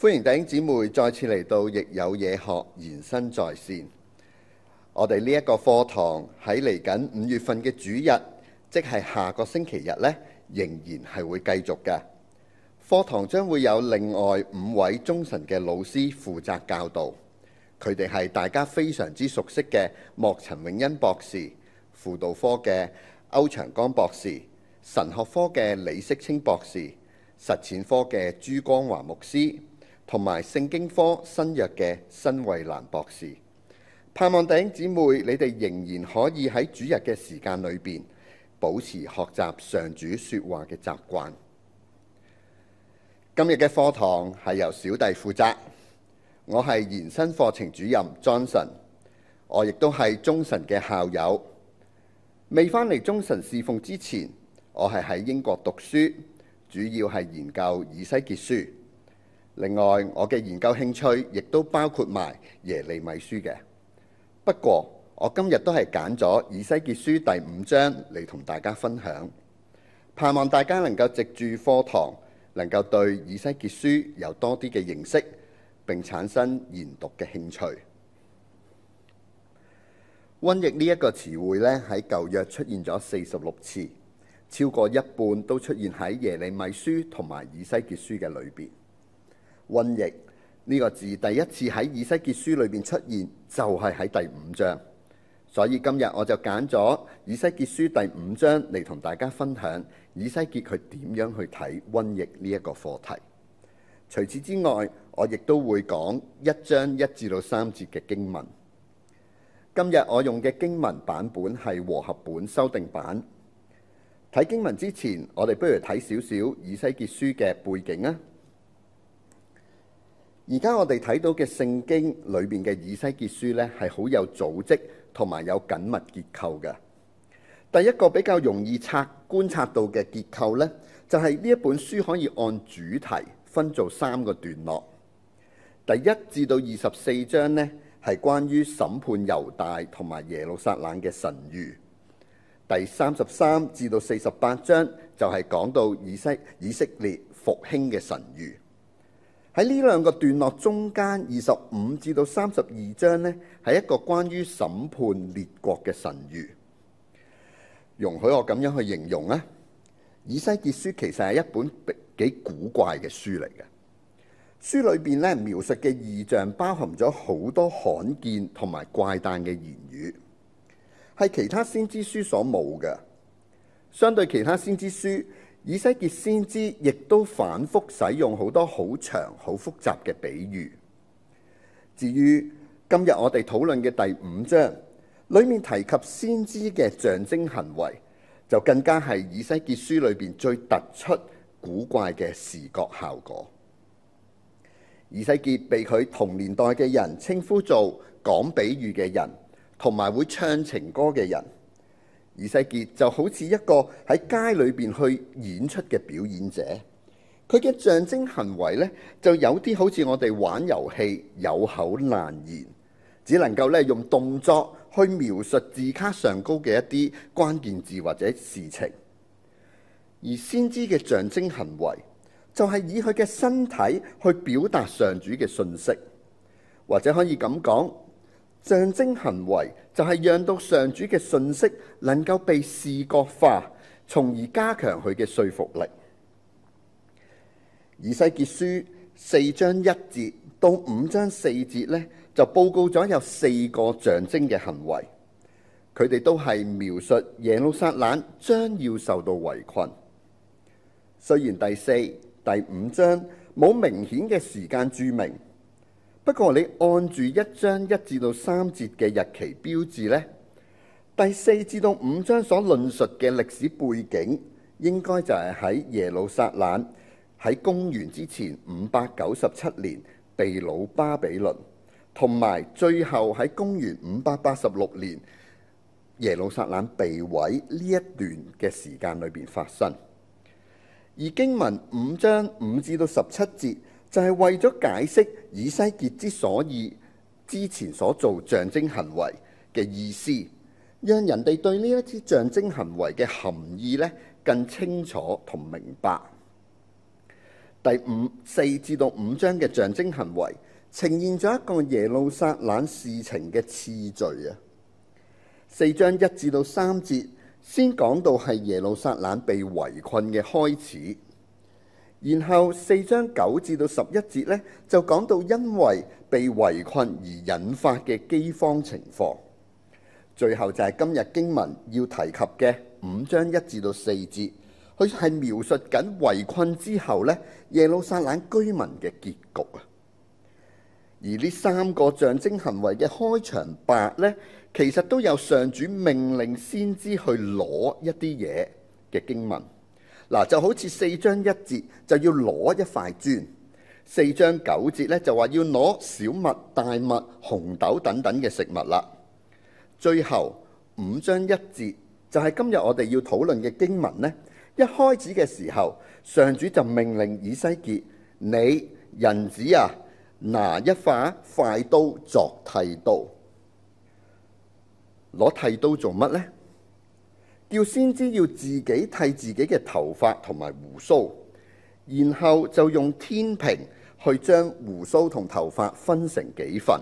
歡迎弟兄姊妹再次嚟到《疫有嘢學延伸在線》。我哋呢一個課堂喺嚟緊五月份嘅主日，即係下個星期日呢，仍然係會繼續嘅。課堂將會有另外五位中神嘅老師負責教導，佢哋係大家非常之熟悉嘅莫陳永恩博士、輔導科嘅歐長江博士、神學科嘅李色清博士、實踐科嘅朱光華牧師。同埋聖經科新約嘅辛惠蘭博士，盼望弟兄姊妹你哋仍然可以喺主日嘅時間裏邊保持學習上主說話嘅習慣。今日嘅課堂係由小弟負責，我係延伸課程主任莊神，我亦都係中神嘅校友。未返嚟中神侍奉之前，我係喺英國讀書，主要係研究以西結書。另外，我嘅研究興趣亦都包括埋耶利米書嘅。不過，我今日都係揀咗以西結書第五章嚟同大家分享，盼望大家能夠藉住課堂能夠對以西結書有多啲嘅認識，並產生研讀嘅興趣。瘟疫呢一個詞彙咧，喺舊約出現咗四十六次，超過一半都出現喺耶利米書同埋以西結書嘅裏邊。瘟疫呢、這個字第一次喺以西結書裏邊出現，就係、是、喺第五章。所以今日我就揀咗以西結書第五章嚟同大家分享，以西結佢點樣去睇瘟疫呢一個課題。除此之外，我亦都會講一章一至到三節嘅經文。今日我用嘅經文版本係和合本修訂版。睇經文之前，我哋不如睇少少以西結書嘅背景啊。而家我哋睇到嘅聖經裏邊嘅以西結書咧，係好有組織同埋有緊密結構嘅。第一個比較容易察觀察到嘅結構咧，就係呢一本書可以按主題分做三個段落。第一至到二十四章呢，係關於審判猶大同埋耶路撒冷嘅神諭；第三十三至到四十八章就係講到以色以色列復興嘅神諭。喺呢兩個段落中間，二十五至到三十二章呢，係一個關於審判列國嘅神諭。容許我咁樣去形容啊！以西結書其實係一本幾古怪嘅書嚟嘅。書裏邊咧描述嘅異象包含咗好多罕見同埋怪誕嘅言語，係其他先知書所冇嘅。相對其他先知書。以西結先知亦都反覆使用好多好長、好複雜嘅比喻。至於今日我哋討論嘅第五章，裡面提及先知嘅象徵行為，就更加係以西結書裏邊最突出、古怪嘅視覺效果。以西結被佢同年代嘅人稱呼做講比喻嘅人，同埋會唱情歌嘅人。而西結就好似一個喺街裏邊去演出嘅表演者，佢嘅象徵行為咧就有啲好似我哋玩遊戲有口難言，只能夠咧用動作去描述字卡上高嘅一啲關鍵字或者事情，而先知嘅象徵行為就係以佢嘅身體去表達上主嘅訊息，或者可以咁講象徵行為。就係、是、讓到上主嘅信息能夠被視覺化，從而加強佢嘅說服力。以西結書四章一節到五章四節呢，就報告咗有四個象徵嘅行為，佢哋都係描述耶路撒冷將要受到圍困。雖然第四、第五章冇明顯嘅時間註明。不過你按住一章一至到三節嘅日期標誌咧，第四至到五章所論述嘅歷史背景，應該就係喺耶路撒冷喺公元之前五百九十七年被擄巴比倫，同埋最後喺公元五百八十六年耶路撒冷被毀呢一段嘅時間裏邊發生。而經文五章五至到十七節。就係、是、為咗解釋以西結之所以之前所做象徵行為嘅意思，讓人哋對呢一啲象徵行為嘅含義呢更清楚同明白。第五四至到五章嘅象徵行為呈現咗一個耶路撒冷事情嘅次序啊。四章一至三節到三節先講到係耶路撒冷被圍困嘅開始。然後四章九至到十一節咧，就講到因為被圍困而引發嘅饑荒情況。最後就係今日經文要提及嘅五章一至到四節，佢係描述緊圍困之後呢，耶路撒冷居民嘅結局啊。而呢三個象徵行為嘅開場白呢，其實都有上主命令先知去攞一啲嘢嘅經文。嗱，就好似四章一節就要攞一塊磚，四章九節咧就話要攞小麥、大麥、紅豆等等嘅食物啦。最後五章一節就係今日我哋要討論嘅經文咧。一開始嘅時候，上主就命令以西結，你人子啊，拿一把快刀作剃刀，攞剃刀做乜咧？要先知，要自己剃自己嘅頭髮同埋鬍鬚，然後就用天平去將鬍鬚同頭髮分成幾份，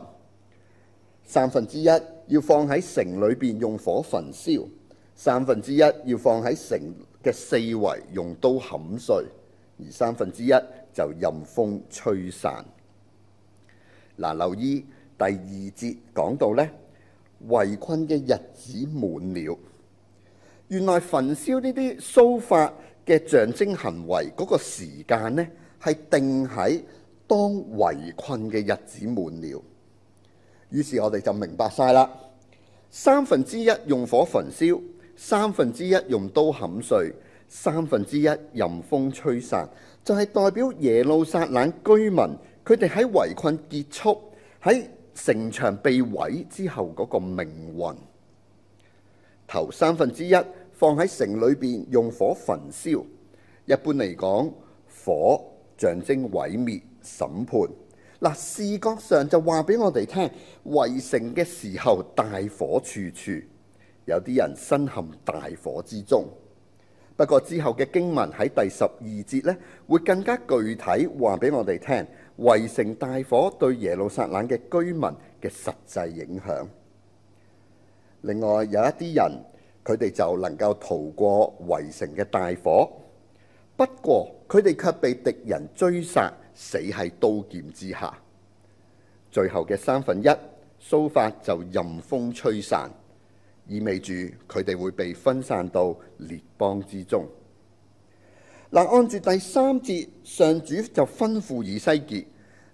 三分之一要放喺城裏邊用火焚燒，三分之一要放喺城嘅四圍用刀砍碎，而三分之一就任風吹散。嗱，留意第二節講到咧，圍困嘅日子滿了。原來焚燒呢啲鬚髮嘅象徵行為，嗰個時間呢，係定喺當圍困嘅日子滿了。於是，我哋就明白晒啦。三分之一用火焚燒，三分之一用刀砍碎，三分之一任風吹散，就係、是、代表耶路撒冷居民佢哋喺圍困結束、喺城牆被毀之後嗰個命運。頭三分之一。放喺城裏邊用火焚燒，一般嚟講，火象徵毀滅、審判。嗱，視覺上就話俾我哋聽，圍城嘅時候大火處處，有啲人身陷大火之中。不過之後嘅經文喺第十二節呢，會更加具體話俾我哋聽，圍城大火對耶路撒冷嘅居民嘅實際影響。另外有一啲人。佢哋就能夠逃過圍城嘅大火，不過佢哋卻被敵人追殺，死喺刀劍之下。最後嘅三分一鬚髮就任風吹散，意味住佢哋會被分散到列邦之中。嗱，按住第三節，上主就吩咐以西結，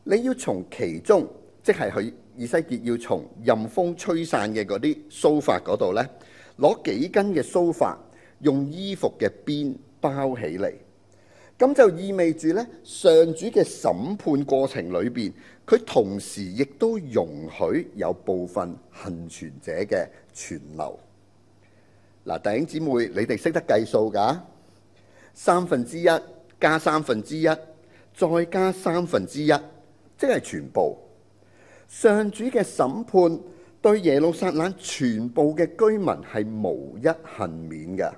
你要從其中，即係佢以西結要從任風吹散嘅嗰啲鬚髮嗰度呢。攞幾根嘅鬚髮，用衣服嘅邊包起嚟，咁就意味住呢，上主嘅審判過程裏邊，佢同時亦都容許有部分幸存者嘅存留。嗱，弟兄姊妹，你哋識得計數㗎？三分之一加三分之一，再加三分之一，即係全部。上主嘅審判。對耶路撒冷全部嘅居民係無一幸免嘅。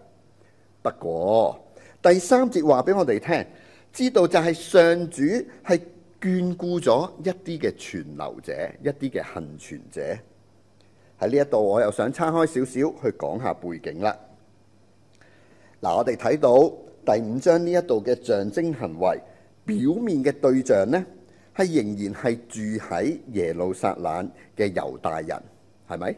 不過第三節話俾我哋聽，知道就係上主係眷顧咗一啲嘅存留者，一啲嘅幸存者。喺呢一度我又想岔開少少去講下背景啦。嗱，我哋睇到第五章呢一度嘅象徵行為，表面嘅對象呢係仍然係住喺耶路撒冷嘅猶大人。係咪？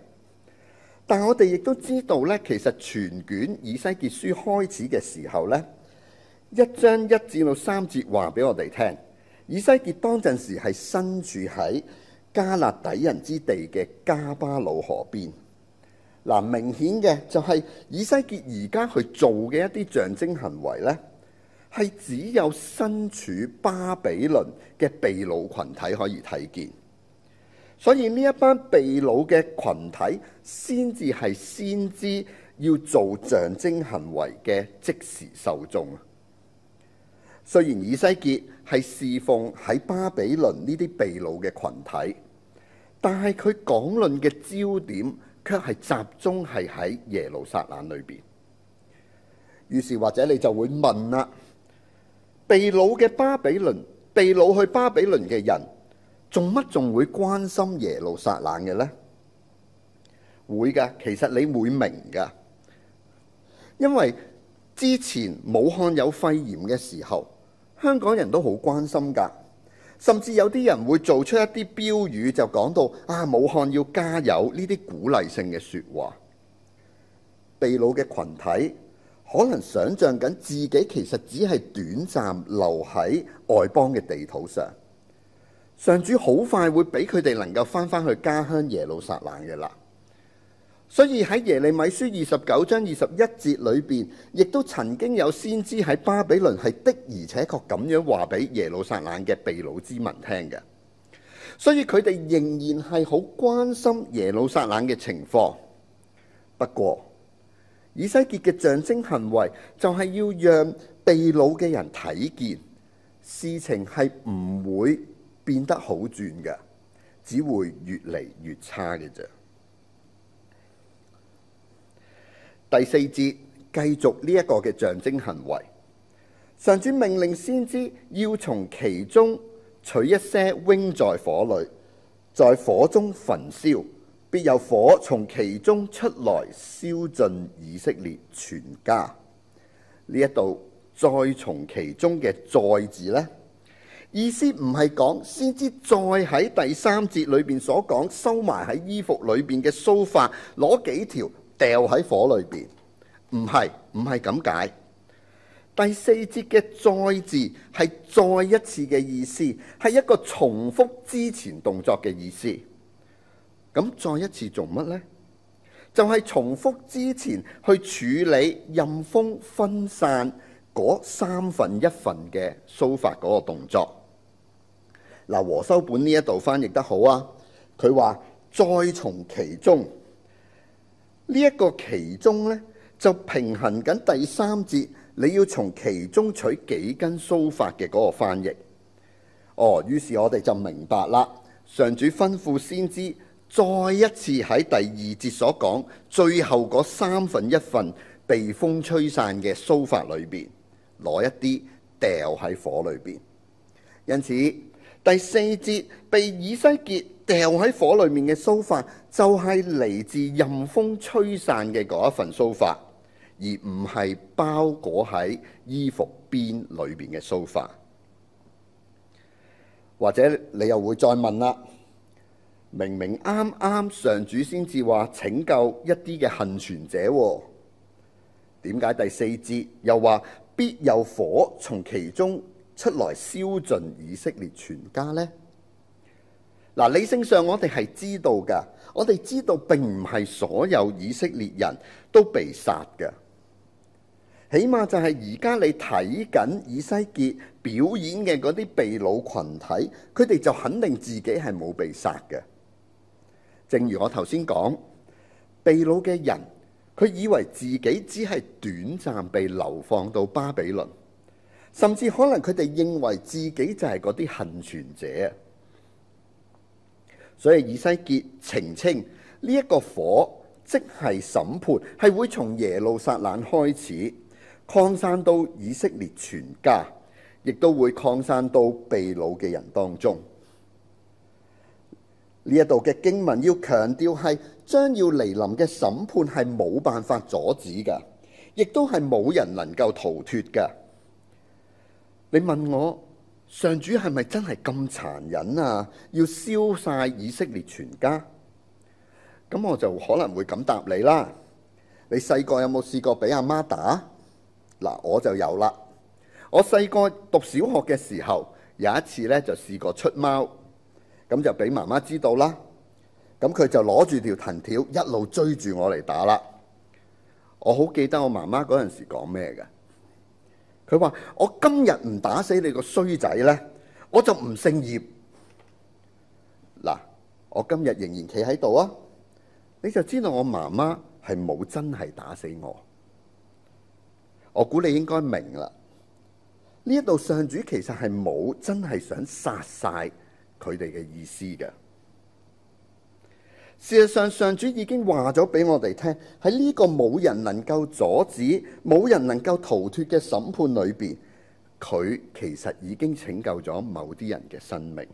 但我哋亦都知道呢，其實全卷以西結書開始嘅時候呢，一章一至到三節話俾我哋聽。以西結當陣時係身處喺加勒底人之地嘅加巴魯河邊嗱，明顯嘅就係以西結而家去做嘅一啲象徵行為呢，係只有身處巴比倫嘅被擄群體可以睇見。所以呢一班被擄嘅群體，先至係先知要做象徵行為嘅即時受眾。雖然以西結係侍奉喺巴比倫呢啲被擄嘅群體，但係佢講論嘅焦點，卻係集中係喺耶路撒冷裏邊。於是或者你就會問啦：被擄嘅巴比倫，被擄去巴比倫嘅人。做乜仲會關心耶路撒冷嘅呢？會㗎，其實你會明㗎，因為之前武漢有肺炎嘅時候，香港人都好關心㗎，甚至有啲人會做出一啲標語就，就講到「啊，武漢要加油」呢啲鼓勵性嘅說話。被擄嘅群體可能想像緊自己其實只係短暫留喺外邦嘅地土上。上主好快會俾佢哋能夠翻返去家鄉耶路撒冷嘅啦，所以喺耶利米書二十九章二十一節裏邊，亦都曾經有先知喺巴比倫係的而且確咁樣話俾耶路撒冷嘅被擄之民聽嘅。所以佢哋仍然係好關心耶路撒冷嘅情況。不過以西結嘅象徵行為就係要讓被擄嘅人睇見事情係唔會變得好轉嘅，只會越嚟越差嘅。啫第四節繼續呢一個嘅象徵行為，神子命令先知要從其中取一些扔在火裏，在火中焚燒，必有火從其中出來，燒盡以色列全家。呢一度再從其中嘅再字呢。意思唔係講先知再喺第三節裏邊所講收埋喺衣服裏邊嘅鬚髮攞幾條掉喺火裏邊，唔係，唔係咁解。第四節嘅再字係再一次嘅意思，係一個重複之前動作嘅意思。咁再一次做乜咧？就係重複之前去處理任風分散嗰三分一份嘅鬚髮嗰個動作。嗱，和修本呢一度翻譯得好啊！佢話再從其中呢一個其中呢，就平衡緊第三節。你要從其中取幾根鬚髮嘅嗰個翻譯哦。於是，我哋就明白啦。上主吩咐先知再一次喺第二節所講，最後嗰三份一份被風吹散嘅鬚髮裏邊攞一啲掉喺火裏邊，因此。第四節被以西結掉喺火裏面嘅鬚髮，就係、是、嚟自任風吹散嘅嗰一份鬚髮，而唔係包裹喺衣服邊裏邊嘅鬚髮。或者你又會再問啦，明明啱啱上主先至話拯救一啲嘅幸存者，點解第四節又話必有火從其中？出來燒盡以色列全家呢？嗱，理性上我哋係知道噶，我哋知道並唔係所有以色列人都被殺嘅。起碼就係而家你睇緊以西結表演嘅嗰啲被擄群體，佢哋就肯定自己係冇被殺嘅。正如我頭先講，被擄嘅人，佢以為自己只係短暫被流放到巴比倫。甚至可能佢哋認為自己就係嗰啲幸存者，所以以西結澄清呢一個火，即係審判，係會從耶路撒冷開始擴散到以色列全家，亦都會擴散到被擄嘅人當中。呢一度嘅經文要強調係將要嚟臨嘅審判係冇辦法阻止噶，亦都係冇人能夠逃脫噶。你問我上主係咪真係咁殘忍啊？要燒晒以色列全家，咁我就可能會咁答你啦。你細個有冇試過俾阿媽打？嗱，我就有啦。我細個讀小學嘅時候，有一次呢，就試過出貓，咁就俾媽媽知道啦。咁佢就攞住條藤條一路追住我嚟打啦。我好記得我媽媽嗰陣時講咩嘅。佢話：我今日唔打死你個衰仔咧，我就唔姓葉。嗱，我今日仍然企喺度啊！你就知道我媽媽係冇真係打死我。我估你應該明啦。呢一度上主其實係冇真係想殺晒佢哋嘅意思嘅。事實上，上主已經話咗俾我哋聽，喺呢個冇人能夠阻止、冇人能夠逃脫嘅審判裏邊，佢其實已經拯救咗某啲人嘅生命。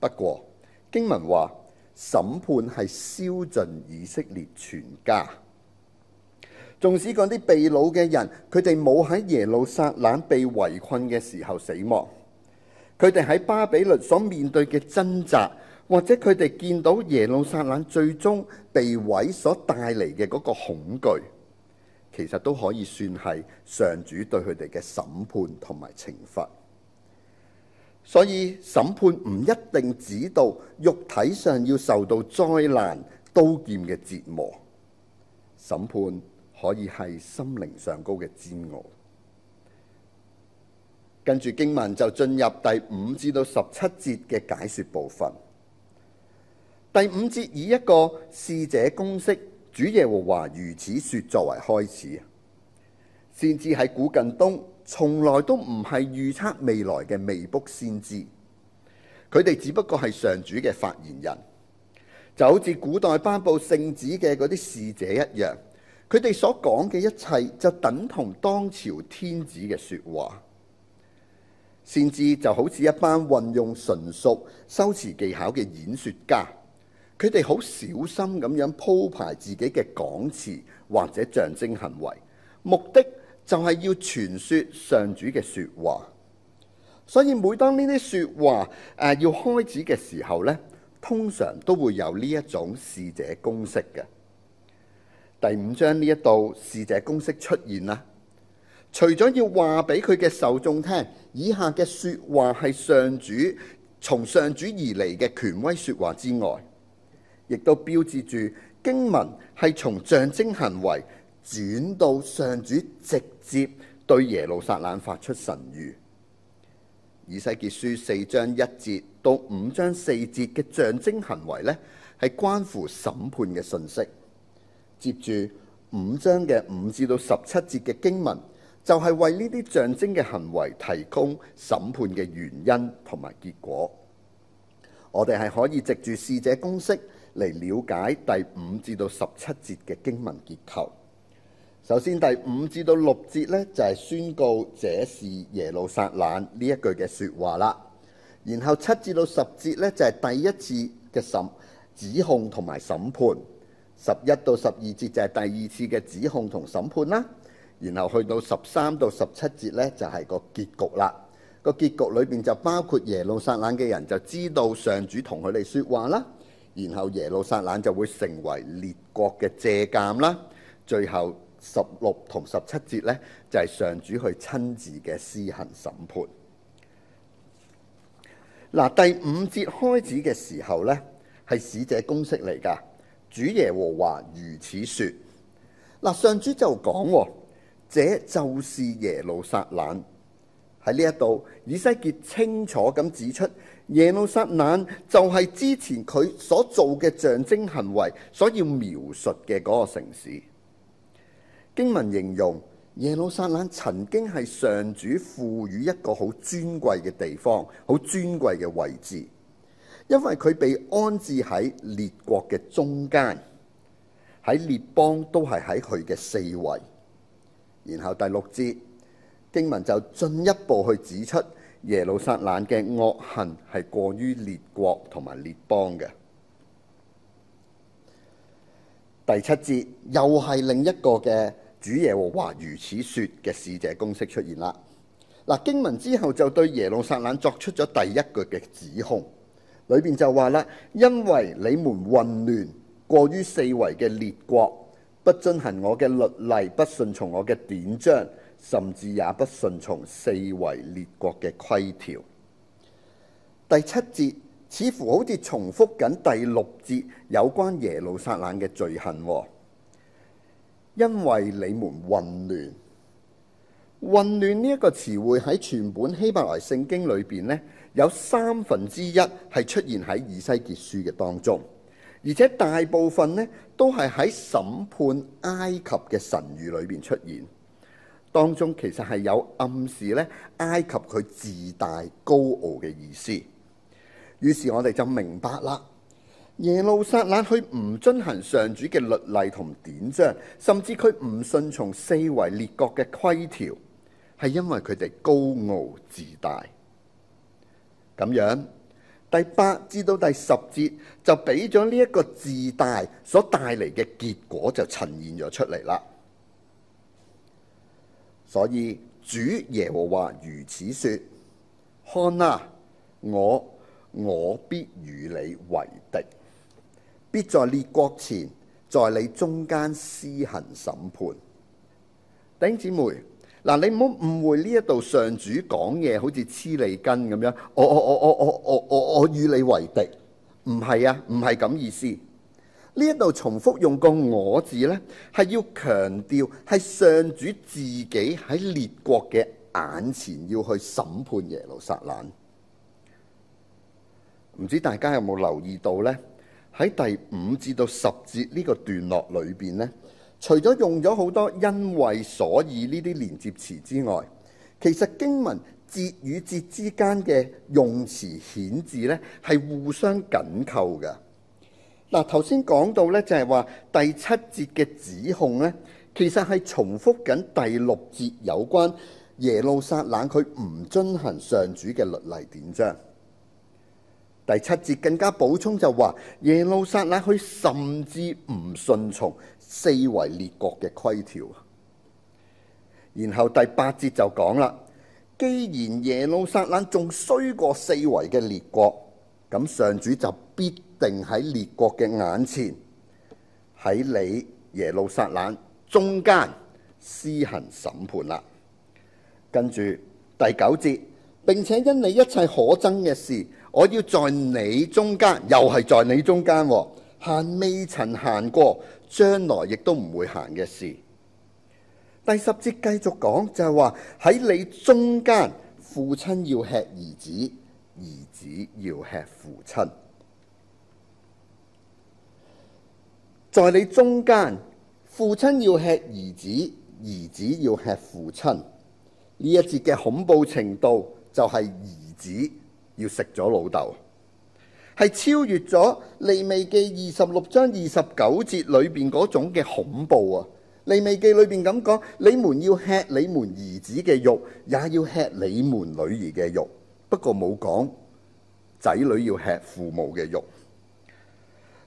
不過經文話審判係燒盡以色列全家，縱使嗰啲被擄嘅人，佢哋冇喺耶路撒冷被圍困嘅時候死亡，佢哋喺巴比倫所面對嘅掙扎。或者佢哋見到耶路撒冷最終被毀所帶嚟嘅嗰個恐懼，其實都可以算係上主對佢哋嘅審判同埋懲罰。所以審判唔一定指到肉體上要受到災難、刀劍嘅折磨，審判可以係心靈上高嘅煎熬。跟住經文就進入第五至到十七節嘅解說部分。第五節以一個侍者公式，主耶和華如此說，作為開始。先知喺古近東從來都唔係預測未來嘅未卜先知，佢哋只不過係上主嘅發言人，就好似古代頒布聖旨嘅嗰啲侍者一樣，佢哋所講嘅一切就等同當朝天子嘅說話，先知就好似一班運用純熟修辭技巧嘅演說家。佢哋好小心咁樣鋪排自己嘅講詞或者象徵行為，目的就係要傳說上主嘅說話。所以每當呢啲說話誒要開始嘅時候呢，通常都會有呢一種使者公式嘅。第五章呢一度使者公式出現啦。除咗要話俾佢嘅受眾聽，以下嘅說話係上主從上主而嚟嘅權威說話之外。亦都標誌住經文係從象徵行為轉到上主直接對耶路撒冷發出神諭。以西結書四章一節到五章四節嘅象徵行為呢，係關乎審判嘅信息。接住五章嘅五至到十七節嘅經文，就係為呢啲象徵嘅行為提供審判嘅原因同埋結果。我哋係可以藉住使者公式嚟了解第五至到十七節嘅經文結構。首先，第五至到六節呢，就係、是、宣告這是耶路撒冷呢一句嘅説話啦。然後七至到十節呢，就係、是、第一次嘅審指控同埋審判。十一到十二節就係第二次嘅指控同審判啦。然後去到十三到十七節呢，就係、是、個結局啦。個結局裏邊就包括耶路撒冷嘅人就知道上主同佢哋説話啦。然後耶路撒冷就會成為列國嘅借鑑啦。最後十六同十七節呢，就係、是、上主佢親自嘅施行審判。嗱，第五節開始嘅時候呢，係使者公式嚟噶。主耶和華如此説。嗱，上主就講，這就是耶路撒冷。喺呢一度，以西結清楚咁指出耶路撒冷就係之前佢所做嘅象徵行為，所要描述嘅嗰個城市。經文形容耶路撒冷曾經係上主賦予一個好尊貴嘅地方，好尊貴嘅位置，因為佢被安置喺列國嘅中間，喺列邦都係喺佢嘅四圍。然後第六節。經文就進一步去指出耶路撒冷嘅惡行係過於列國同埋列邦嘅。第七節又係另一個嘅主耶和華如此説嘅使者公式出現啦。嗱，經文之後就對耶路撒冷作出咗第一句嘅指控，裏邊就話啦：因為你們混亂，過於四圍嘅列國，不遵行我嘅律例，不順從我嘅典章。甚至也不順從四圍列國嘅規條。第七節似乎好似重複緊第六節有關耶路撒冷嘅罪行，因為你們混亂。混亂呢一個詞彙喺全本希伯來聖經裏邊呢，有三分之一係出現喺以西結書嘅當中，而且大部分呢都係喺審判埃及嘅神諭裏邊出現。當中其實係有暗示咧，埃及佢自大高傲嘅意思，於是我哋就明白啦。耶路撒冷佢唔遵行上主嘅律例同典章，甚至佢唔順從四圍列國嘅規條，係因為佢哋高傲自大。咁樣第八至到第十節就俾咗呢一個自大所帶嚟嘅結果就呈現咗出嚟啦。所以主耶和華如此說：看啊我，我我必與你為敵，必在列國前，在你中間施行審判。弟兄姊妹，嗱，你唔好誤會呢一度上主講嘢好似黐脷根咁樣，我我我我我我我我與你為敵，唔係啊，唔係咁意思。呢一度重複用個我字呢，係要強調係上主自己喺列國嘅眼前要去審判耶路撒冷。唔知大家有冇留意到呢？喺第五至到十節呢個段落裏邊呢，除咗用咗好多因為所以呢啲連接詞之外，其實經文節與節之間嘅用詞遣字呢，係互相緊扣嘅。嗱，頭先講到咧，就係話第七節嘅指控咧，其實係重複緊第六節有關耶路撒冷佢唔遵行上主嘅律例典章。第七節更加補充就話耶路撒冷佢甚至唔順從四圍列國嘅規條，然後第八節就講啦，既然耶路撒冷仲衰過四圍嘅列國，咁上主就必定喺列國嘅眼前，喺你耶路撒冷中間施行審判啦。跟住第九節，並且因你一切可憎嘅事，我要在你中間，又係在你中間，行未曾行過、將來亦都唔會行嘅事。第十節繼續講，就係話喺你中間，父親要吃兒子，兒子要吃父親。在你中間，父親要吃兒子，兒子要吃父親。呢一節嘅恐怖程度就係兒子要食咗老豆，係超越咗利未記二十六章二十九節裏邊嗰種嘅恐怖啊！利未記裏邊咁講：你們要吃你們兒子嘅肉，也要吃你們女兒嘅肉。不過冇講仔女要吃父母嘅肉。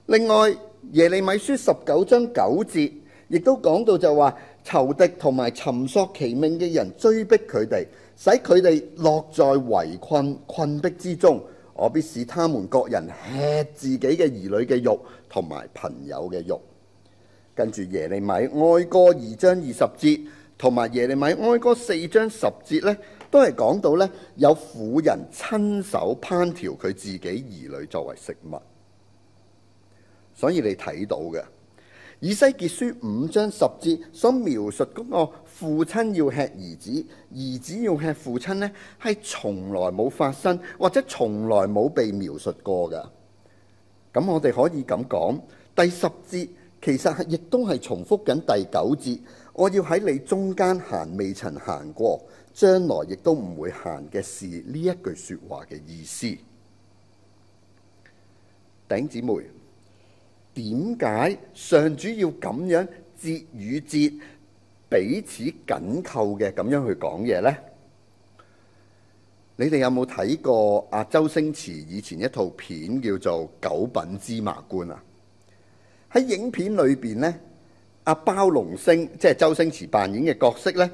另外。耶利米書十九章九節，亦都講到就話仇敵同埋尋索其命嘅人追逼佢哋，使佢哋落在圍困困逼之中。我必使他們各人吃自己嘅兒女嘅肉同埋朋友嘅肉。跟住耶利米哀歌二章二十節，同埋耶利米哀歌四章十節呢，都係講到呢，有婦人親手烹調佢自己兒女作為食物。所以你睇到嘅《以西結書》五章十節所描述嗰個父親要吃兒子、兒子要吃父親呢，係從來冇發生，或者從來冇被描述過嘅。咁我哋可以咁講，第十節，其實亦都係重複緊第九節：「我要喺你中間行，未曾行過，將來亦都唔會行嘅事」呢一句説話嘅意思。頂姊妹。點解上主要咁樣節與節彼此緊扣嘅咁樣去講嘢呢？你哋有冇睇過阿周星馳以前一套片叫做《九品芝麻官》啊？喺影片裏邊呢，阿包龍星即係周星馳扮演嘅角色呢。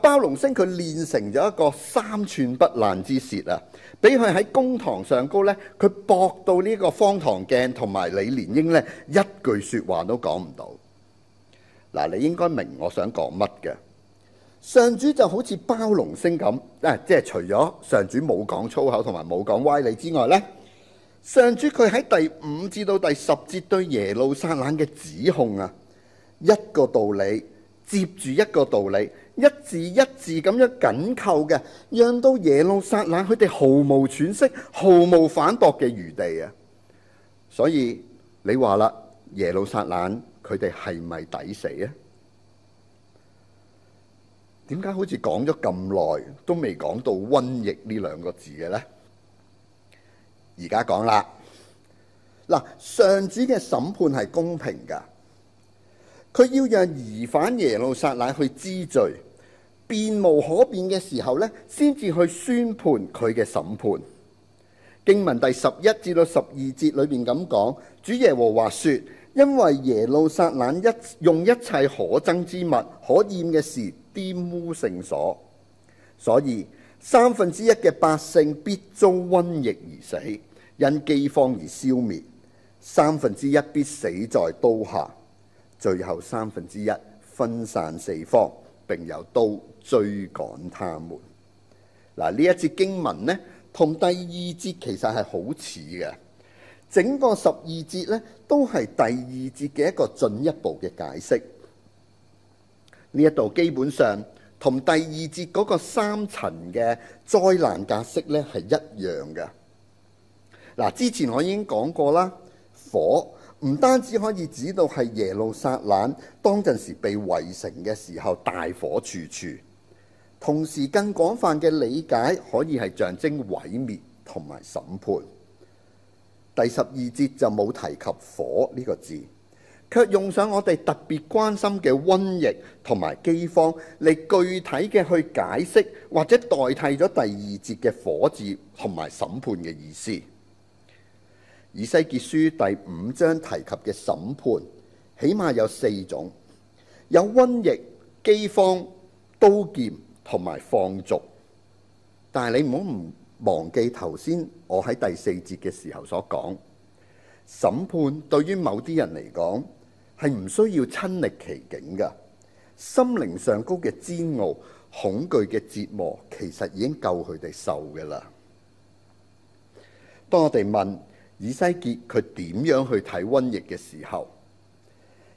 包龍星佢練成咗一個三寸不爛之舌啊！俾佢喺公堂上高呢，佢駁到呢個方唐鏡同埋李蓮英呢一句說話都講唔到嗱。你應該明我想講乜嘅。上主就好似包龍星咁嗱、啊，即係除咗上主冇講粗口同埋冇講歪理之外呢，上主佢喺第五至到第十節對耶路撒冷嘅指控啊，一個道理接住一個道理。一字一字咁樣緊扣嘅，讓到耶路撒冷佢哋毫無喘息、毫無反駁嘅餘地啊！所以你話啦，耶路撒冷佢哋係咪抵死啊？點解好似講咗咁耐都未講到瘟疫呢兩個字嘅呢？而家講啦，嗱，上帝嘅審判係公平噶。佢要讓疑犯耶路撒冷去知罪，辯無可辯嘅時候呢，先至去宣判佢嘅審判。經文第十一至到十二節裏面咁講，主耶和華說：因為耶路撒冷一用一切可憎之物、可厭嘅事玷污聖所，所以三分之一嘅百姓必遭瘟疫而死，因饑荒而消滅，三分之一必死在刀下。最後三分之一分散四方，並有刀追趕他們。嗱，呢一節經文呢，同第二節其實係好似嘅。整個十二節呢，都係第二節嘅一個進一步嘅解釋。呢一度基本上同第二節嗰個三層嘅災難格式呢係一樣嘅。嗱，之前我已經講過啦，火。唔單止可以指到係耶路撒冷當陣時被圍城嘅時候，大火處處，同時更廣泛嘅理解可以係象徵毀滅同埋審判。第十二節就冇提及火呢個字，卻用上我哋特別關心嘅瘟疫同埋饑荒嚟具體嘅去解釋，或者代替咗第二節嘅火字同埋審判嘅意思。以西結書第五章提及嘅審判，起碼有四種，有瘟疫、饑荒、刀劍同埋放逐。但係你唔好唔忘記頭先我喺第四節嘅時候所講，審判對於某啲人嚟講係唔需要親歷其境㗎，心靈上高嘅煎熬、恐懼嘅折磨，其實已經夠佢哋受㗎啦。當我哋問，以西結佢點樣去睇瘟疫嘅時候，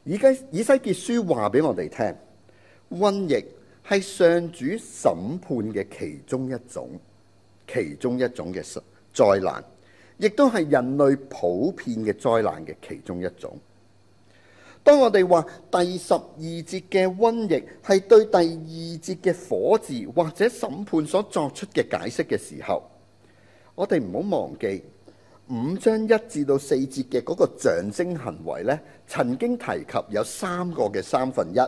而家以西結書話俾我哋聽，瘟疫係上主審判嘅其中一種，其中一種嘅災災難，亦都係人類普遍嘅災難嘅其中一種。當我哋話第十二節嘅瘟疫係對第二節嘅火字或者審判所作出嘅解釋嘅時候，我哋唔好忘記。五章一至到四節嘅嗰個象徵行為咧，曾經提及有三個嘅三分一，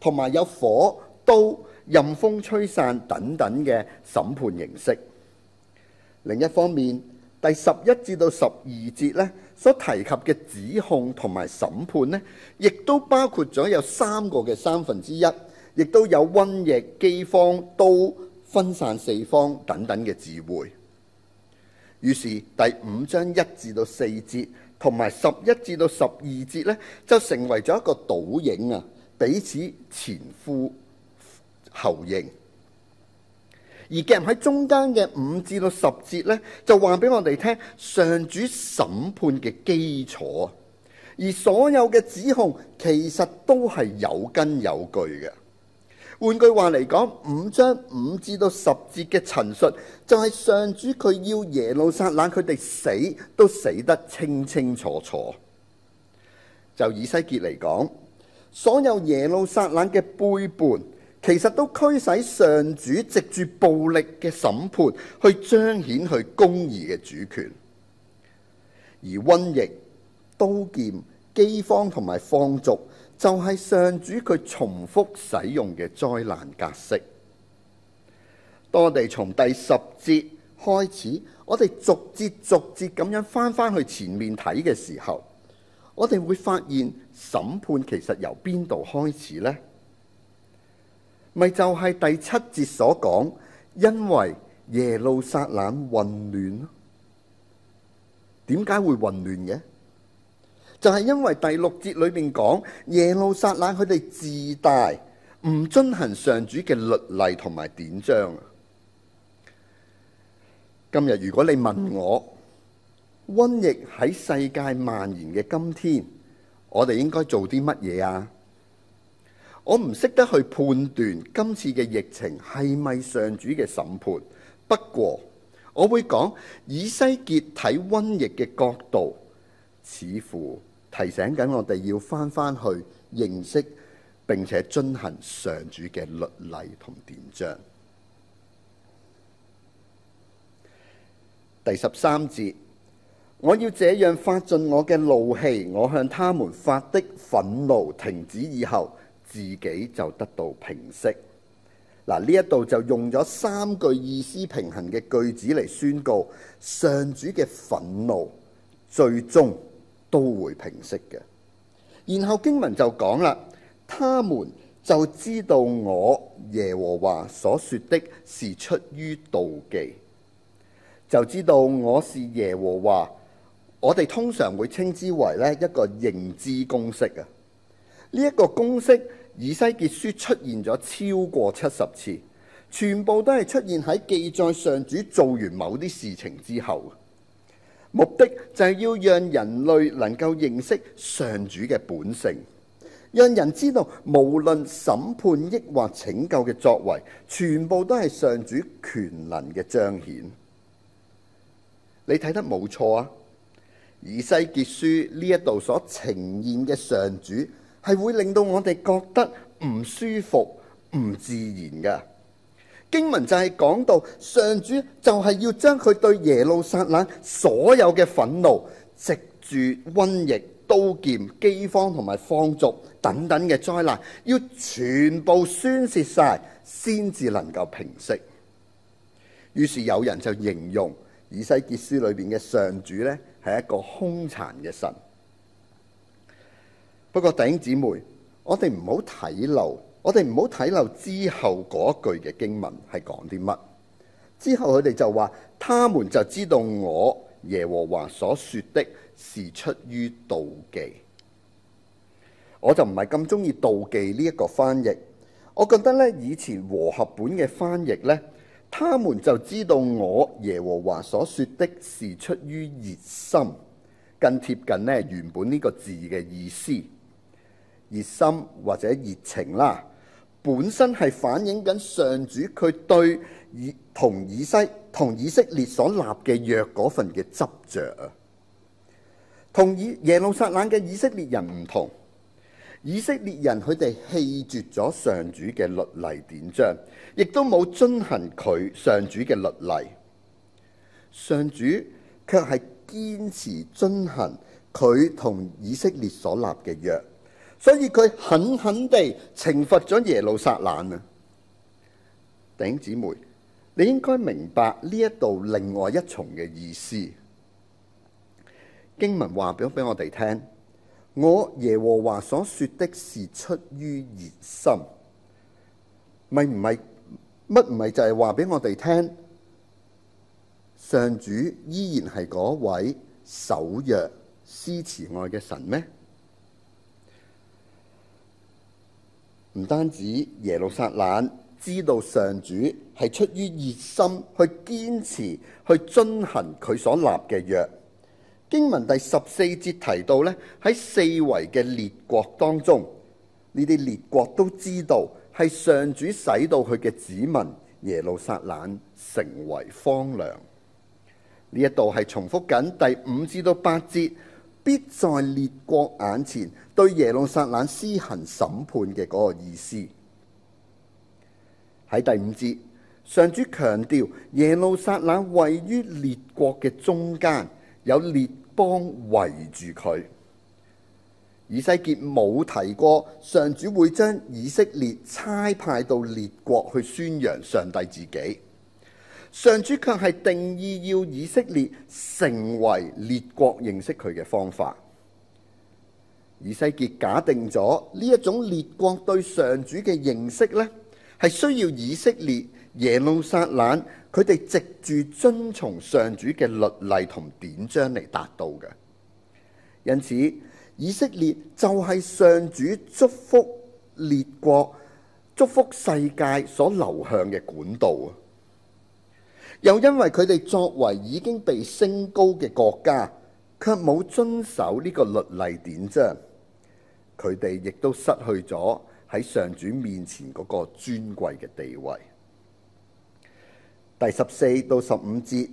同埋有，有火、刀、任風吹散等等嘅審判形式。另一方面，第十一至到十二節咧所提及嘅指控同埋審判咧，亦都包括咗有三個嘅三分之一，亦都有瘟疫、饑荒、刀、分散四方等等嘅智慧。於是第五章一至到四節同埋十一至到十二節咧，就成為咗一個倒影啊，彼此前呼後應。而夾喺中間嘅五至到十節咧，就話俾我哋聽上主審判嘅基礎，而所有嘅指控其實都係有根有據嘅。換句話嚟講，五章五至到十節嘅陳述，就係上主佢要耶路撒冷佢哋死都死得清清楚楚。就以西結嚟講，所有耶路撒冷嘅背叛，其實都驅使上主藉住暴力嘅審判，去彰顯佢公義嘅主權，而瘟疫、刀劍、饑荒同埋放逐。就係上主佢重複使用嘅災難格式。當我哋從第十節開始，我哋逐節逐節咁樣翻返去前面睇嘅時候，我哋會發現審判其實由邊度開始呢？咪就係第七節所講，因為耶路撒冷混亂咯。點解會混亂嘅？就係因為第六節裏面講耶路撒冷佢哋自大，唔遵行上主嘅律例同埋典章。今日如果你問我瘟疫喺世界蔓延嘅今天，我哋應該做啲乜嘢啊？我唔識得去判斷今次嘅疫情係咪上主嘅審判。不過，我會講以西結睇瘟疫嘅角度，似乎。提醒緊我哋要返返去認識並且遵行上主嘅律例同典章。第十三節，我要這樣發盡我嘅怒氣，我向他們發的憤怒停止以後，自己就得到平息。嗱，呢一度就用咗三句意思平衡嘅句子嚟宣告上主嘅憤怒最終都會平息嘅。然後經文就講啦，他們就知道我耶和華所說的是出於妒忌，就知道我是耶和華。我哋通常會稱之為咧一個認知公式啊。呢一個公式，以西結書出現咗超過七十次，全部都係出現喺記載上主做完某啲事情之後。目的就係要讓人類能夠認識上主嘅本性，讓人知道無論審判抑或拯救嘅作為，全部都係上主權能嘅彰顯。你睇得冇錯啊？以西結書呢一度所呈現嘅上主，係會令到我哋覺得唔舒服、唔自然噶。經文就係講到上主就係要將佢對耶路撒冷所有嘅憤怒，藉住瘟疫、刀劍、饑荒同埋放逐等等嘅災難，要全部宣洩晒，先至能夠平息。於是有人就形容以西結書裏邊嘅上主呢，係一個兇殘嘅神。不過弟兄姊妹，我哋唔好睇漏。我哋唔好睇漏之後嗰一句嘅經文係講啲乜。之後佢哋就話：他們就知道我耶和華所說的是出於妒忌。我就唔係咁鍾意妒忌呢一個翻譯。我覺得咧以前和合本嘅翻譯咧，他們就知道我耶和華所說的是出於熱心，更貼近呢原本呢個字嘅意思。熱心或者熱情啦。本身係反映緊上主佢對以同以西同以色列所立嘅約嗰份嘅執着。啊，同以耶路撒冷嘅以色列人唔同，以色列人佢哋棄絕咗上主嘅律例典章，亦都冇遵行佢上主嘅律例，上主卻係堅持遵行佢同以色列所立嘅約。所以佢狠狠地懲罰咗耶路撒冷啊，頂姊妹，你應該明白呢一度另外一重嘅意思。經文話咗俾我哋聽，我耶和華所說的是出於熱心，咪唔係乜唔係就係話俾我哋聽，上主依然係嗰位守約施慈愛嘅神咩？唔單止耶路撒冷知道上主係出於熱心去堅持去遵行佢所立嘅約，經文第十四節提到呢，喺四圍嘅列國當中，呢啲列國都知道係上主使到佢嘅子民耶路撒冷成為荒涼。呢一度係重複緊第五至到八節。必在列國眼前對耶路撒冷施行審判嘅嗰個意思。喺第五節，上主強調耶路撒冷位於列國嘅中間，有列邦圍住佢。以西結冇提過上主會將以色列差派到列國去宣揚上帝自己。上主卻係定義要以色列成為列國認識佢嘅方法。以西結假定咗呢一種列國對上主嘅認識呢，係需要以色列，耶路撒冷佢哋藉住遵從上主嘅律例同典章嚟達到嘅。因此，以色列就係上主祝福列國，祝福世界所流向嘅管道啊！又因為佢哋作為已經被升高嘅國家，卻冇遵守呢個律例典章，佢哋亦都失去咗喺上主面前嗰個尊貴嘅地位。第十四到十五節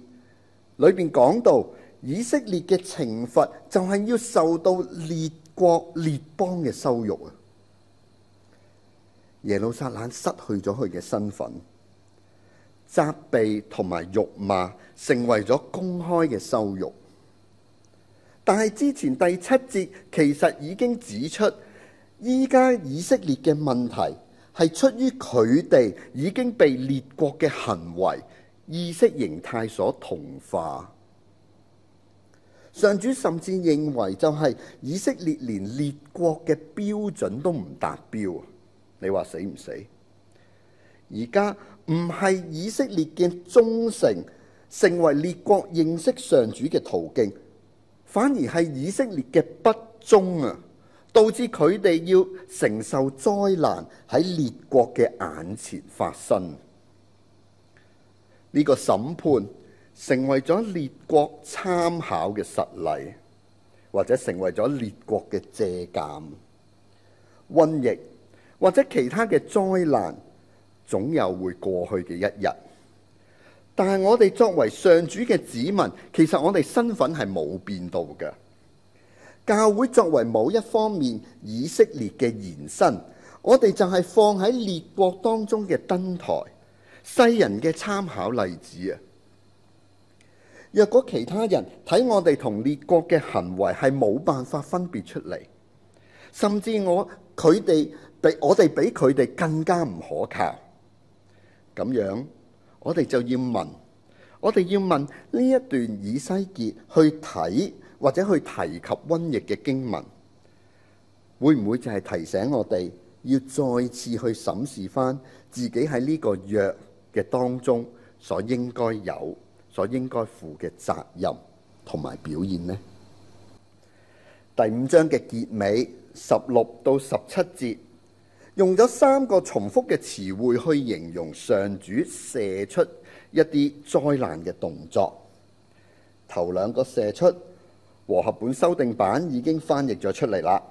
裏面講到，以色列嘅懲罰就係要受到列國列邦嘅羞辱啊！耶路撒冷失去咗佢嘅身份。責備同埋辱罵成為咗公開嘅羞辱，但係之前第七節其實已經指出，依家以色列嘅問題係出於佢哋已經被列國嘅行為、意識形態所同化。上主甚至認為就係以色列連列國嘅標準都唔達標，你話死唔死？而家。唔係以色列嘅忠誠成為列國認識上主嘅途徑，反而係以色列嘅不忠啊，導致佢哋要承受災難喺列國嘅眼前發生。呢個審判成為咗列國參考嘅實例，或者成為咗列國嘅借鑒，瘟疫或者其他嘅災難。總有會過去嘅一日，但係我哋作為上主嘅子民，其實我哋身份係冇變到嘅。教會作為某一方面以色列嘅延伸，我哋就係放喺列國當中嘅燈台，世人嘅參考例子啊。若果其他人睇我哋同列國嘅行為係冇辦法分別出嚟，甚至我佢哋比我哋比佢哋更加唔可靠。咁樣，我哋就要問，我哋要問呢一段以西結去睇或者去提及瘟疫嘅經文，會唔會就係提醒我哋要再次去審視返自己喺呢個約嘅當中所應該有、所應該負嘅責任同埋表現呢？第五章嘅結尾十六到十七節。用咗三個重複嘅詞彙去形容上主射出一啲災難嘅動作。頭兩個射出，和合本修訂版已經翻譯咗出嚟啦。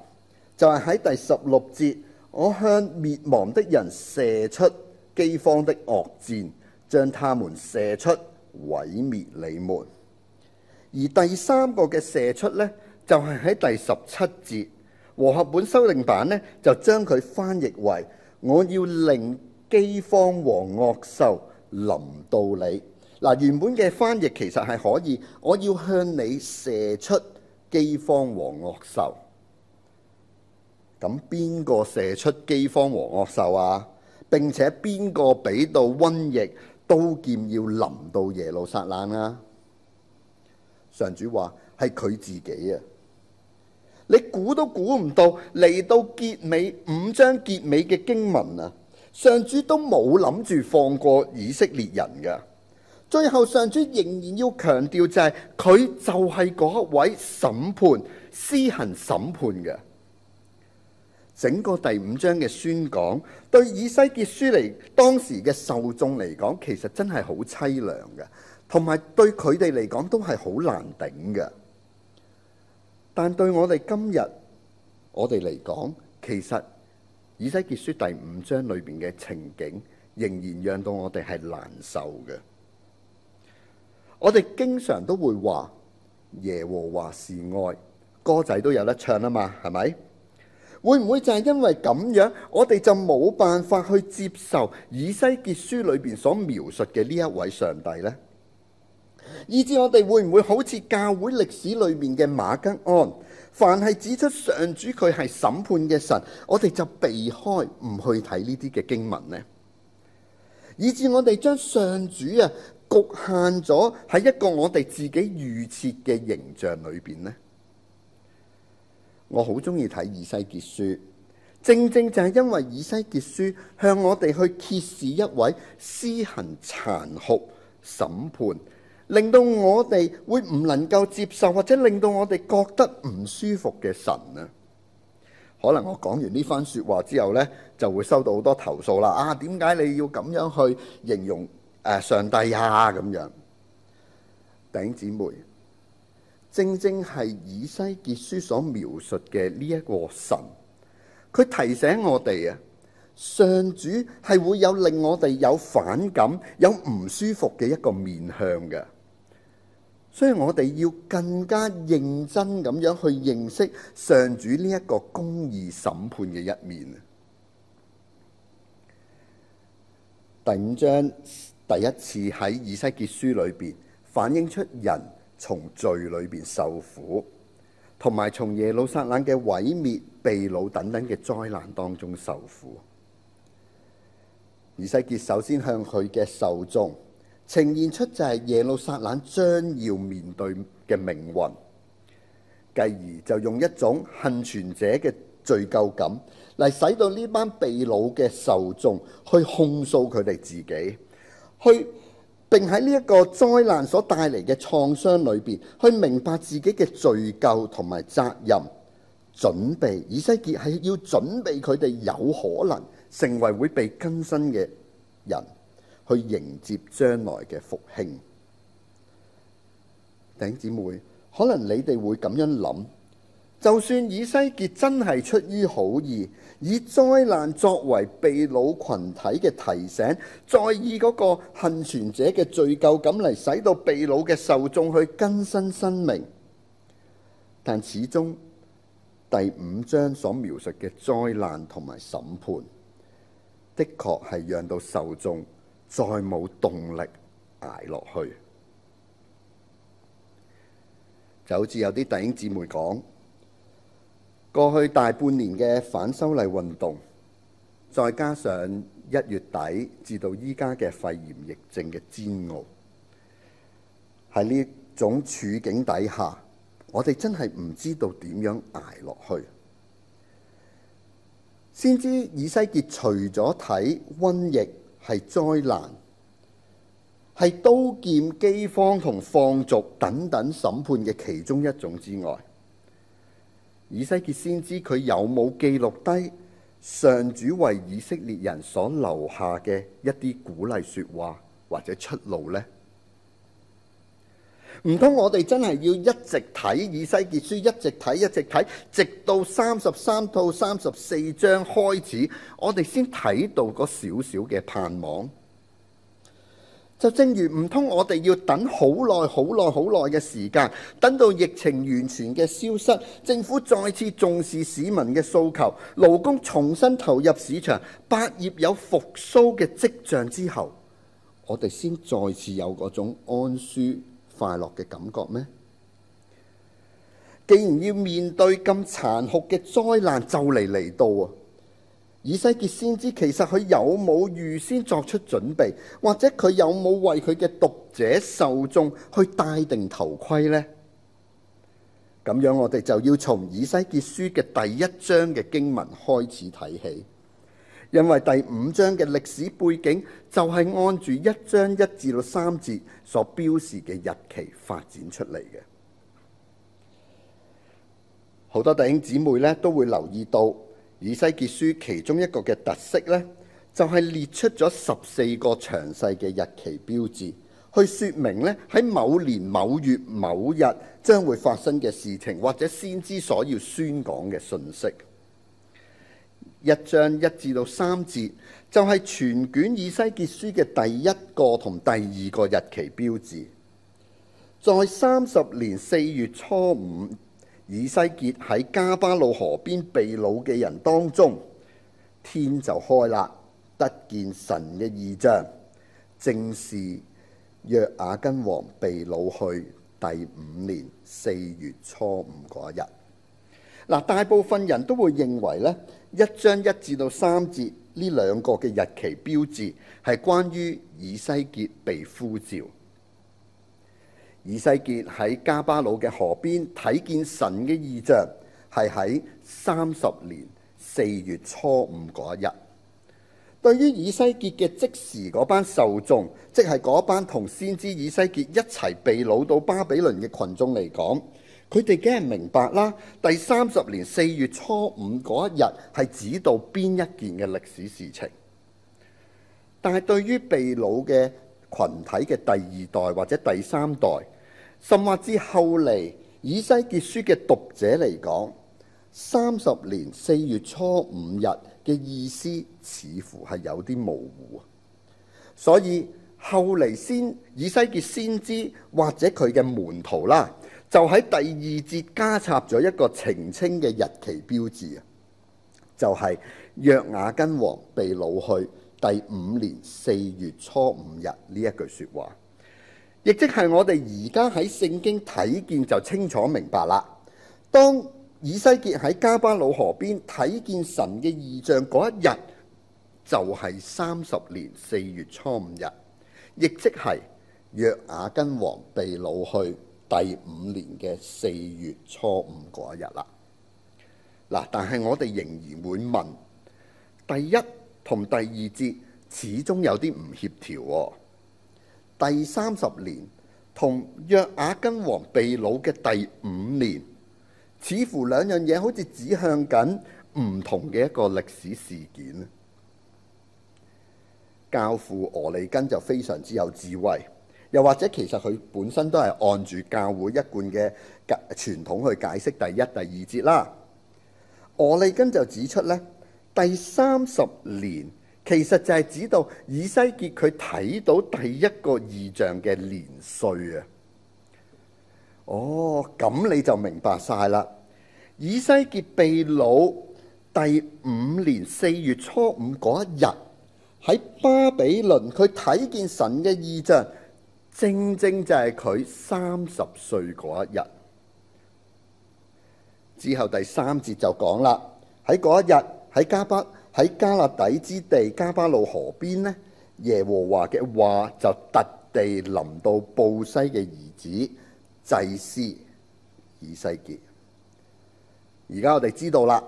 就係喺第十六節，我向滅亡的人射出饑荒的惡箭，將他們射出毀滅你們。而第三個嘅射出呢，就係喺第十七節。和合本修訂版呢，就將佢翻譯為：我要令饑荒和惡獸臨到你。嗱，原本嘅翻譯其實係可以，我要向你射出饑荒和惡獸。咁邊個射出饑荒和惡獸啊？並且邊個俾到瘟疫、刀劍要臨到耶路撒冷啊？上主話係佢自己啊。你估都估唔到，嚟到結尾五章結尾嘅經文啊，上主都冇諗住放過以色列人㗎。最後上主仍然要強調就係佢就係嗰一位審判施行審判嘅。整個第五章嘅宣講對以西結書嚟當時嘅受眾嚟講，其實真係好凄涼嘅，同埋對佢哋嚟講都係好難頂嘅。但對我哋今日我哋嚟講，其實以西結書第五章裏邊嘅情景，仍然讓到我哋係難受嘅。我哋經常都會話耶和華是愛，歌仔都有得唱啊嘛，係咪？會唔會就係因為咁樣，我哋就冇辦法去接受以西結書裏邊所描述嘅呢一位上帝呢？以至我哋會唔會好似教會歷史裏面嘅馬吉安，凡係指出上主佢係審判嘅神，我哋就避開唔去睇呢啲嘅經文呢？以至我哋將上主啊局限咗喺一個我哋自己預設嘅形象裏邊呢？我好中意睇以西結書，正正就係因為以西結書向我哋去揭示一位施行殘酷審判。令到我哋會唔能夠接受，或者令到我哋覺得唔舒服嘅神呢、啊？可能我講完呢番說話之後呢，就會收到好多投訴啦。啊，點解你要咁樣去形容上帝呀、啊？咁、啊啊、樣，弟兄姊妹，正正係以西結書所描述嘅呢一個神，佢提醒我哋啊，上主係會有令我哋有反感、有唔舒服嘅一個面向嘅。所以我哋要更加認真咁樣去認識上主呢一個公義審判嘅一面啊！第五章第一次喺以西結書裏邊反映出人從罪裏邊受苦，同埋從耶路撒冷嘅毀滅、被擄等等嘅災難當中受苦。以西結首先向佢嘅受眾呈現出就係耶路撒冷將要面對嘅命運，繼而就用一種幸存者嘅罪疚感嚟使到呢班被擄嘅受眾去控訴佢哋自己，去並喺呢一個災難所帶嚟嘅創傷裏邊去明白自己嘅罪疚同埋責任準備。以西結係要準備佢哋有可能成為會被更新嘅人。去迎接將來嘅復興，弟兄姊妹，可能你哋會咁樣諗，就算以西結真係出於好意，以災難作為被擄群體嘅提醒，再以嗰個幸存者嘅罪疚感嚟，使到被擄嘅受眾去更新生，生命。但始終第五章所描述嘅災難同埋審判，的確係讓到受眾。再冇動力捱落去，就好似有啲弟兄姊妹講，過去大半年嘅反修例運動，再加上一月底至到依家嘅肺炎疫症嘅煎熬，喺呢種處境底下，我哋真係唔知道點樣捱落去。先知以西結除咗睇瘟疫。係災難，係刀劍饑荒同放逐等等審判嘅其中一種之外，以西結先知佢有冇記錄低上主為以色列人所留下嘅一啲鼓勵說話或者出路呢？唔通我哋真係要一直睇《以西結書》，一直睇，一直睇，直到三十三到三十四章開始，我哋先睇到嗰少少嘅盼望。就正如唔通我哋要等好耐、好耐、好耐嘅時間，等到疫情完全嘅消失，政府再次重視市民嘅訴求，勞工重新投入市場，百業有復甦嘅跡象之後，我哋先再次有嗰種安舒。快樂嘅感覺咩？既然要面對咁殘酷嘅災難就嚟嚟到啊！以西結先知其實佢有冇預先作出準備，或者佢有冇為佢嘅讀者受眾去戴定頭盔呢？咁樣我哋就要從以西結書嘅第一章嘅經文開始睇起。因為第五章嘅歷史背景就係按住一章一至到三節所標示嘅日期發展出嚟嘅。好多弟兄姊妹咧都會留意到以西結書其中一個嘅特色咧，就係列出咗十四個詳細嘅日期標誌，去説明咧喺某年某月某日將會發生嘅事情，或者先知所要宣講嘅信息。一章一至到三節，就係、是、全卷以西結書嘅第一個同第二個日期標誌。在三十年四月初五，以西結喺加巴魯河邊被擄嘅人當中，天就開啦，得見神嘅異象，正是約雅斤王被擄去第五年四月初五嗰日。嗱，大部分人都會認為咧，一章一至到三節呢兩個嘅日期標誌係關於以西結被呼召。以西結喺加巴魯嘅河邊睇見神嘅意象，係喺三十年四月初五嗰一日。對於以西結嘅即時嗰班受眾，即係嗰班同先知以西結一齊被擄到巴比倫嘅群眾嚟講。佢哋梗係明白啦，第三十年四月初五嗰一日係指到邊一件嘅歷史事情。但係對於被擄嘅群體嘅第二代或者第三代，甚或至後嚟以西結書嘅讀者嚟講，三十年四月初五日嘅意思似乎係有啲模糊。所以後嚟先以西結先知或者佢嘅門徒啦。就喺第二節加插咗一個澄清嘅日期標誌啊、就是，就係約雅斤王被老去第五年四月初五日呢一句説話，亦即係我哋而家喺聖經睇見就清楚明白啦。當以西結喺加巴魯河邊睇見神嘅異象嗰一日，就係三十年四月初五日、就是，亦即係約雅斤王被老去，第五年嘅四月初五嗰一日啦，嗱，但係我哋仍然會問，第一同第二節始終有啲唔協調。第三十年同約雅斤王被擄嘅第五年，似乎兩樣嘢好似指向緊唔同嘅一個歷史事件。教父俄利根就非常之有智慧。又或者，其實佢本身都係按住教會一貫嘅傳統去解釋第一、第二節啦。俄利根就指出咧，第三十年其實就係指到以西結佢睇到第一個異象嘅年歲啊。哦，咁你就明白晒啦。以西結被擄第五年四月初五嗰一日喺巴比倫，佢睇見神嘅異象。正正就係佢三十歲嗰一日之後，第三節就講啦，喺嗰一日，喺加巴，喺加勒底之地加巴路河邊呢，耶和華嘅話就特地臨到布西嘅兒子祭司以西結。而家我哋知道啦，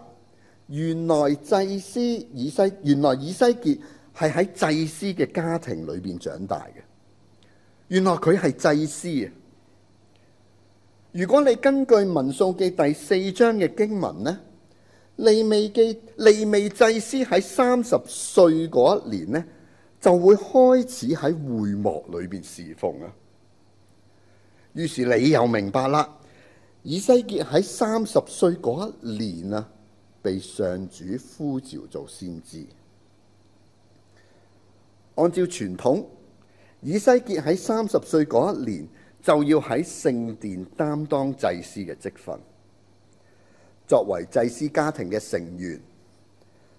原來祭司以西，原來以西結係喺祭司嘅家庭裏邊長大嘅。原來佢係祭司啊！如果你根據民數記第四章嘅經文呢，利未記利未祭司喺三十歲嗰一年呢，就會開始喺會幕裏邊侍奉啊。於是你又明白啦，以西結喺三十歲嗰一年啊，被上主呼召做先知。按照傳統。以西結喺三十歲嗰一年，就要喺聖殿擔當祭司嘅職分。作為祭司家庭嘅成員，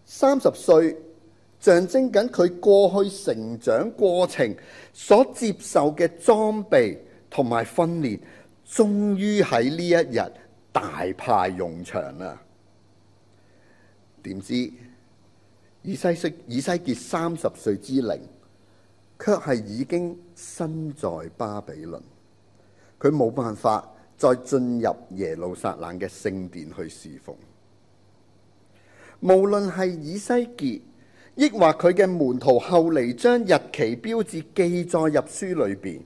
三十歲象徵緊佢過去成長過程所接受嘅裝備同埋訓練，終於喺呢一日大派用場啦。點知以西結以西結三十歲之齡，卻係已經身在巴比倫，佢冇辦法再進入耶路撒冷嘅聖殿去侍奉。無論係以西結，抑或佢嘅門徒後嚟將日期標誌記載入書裏邊。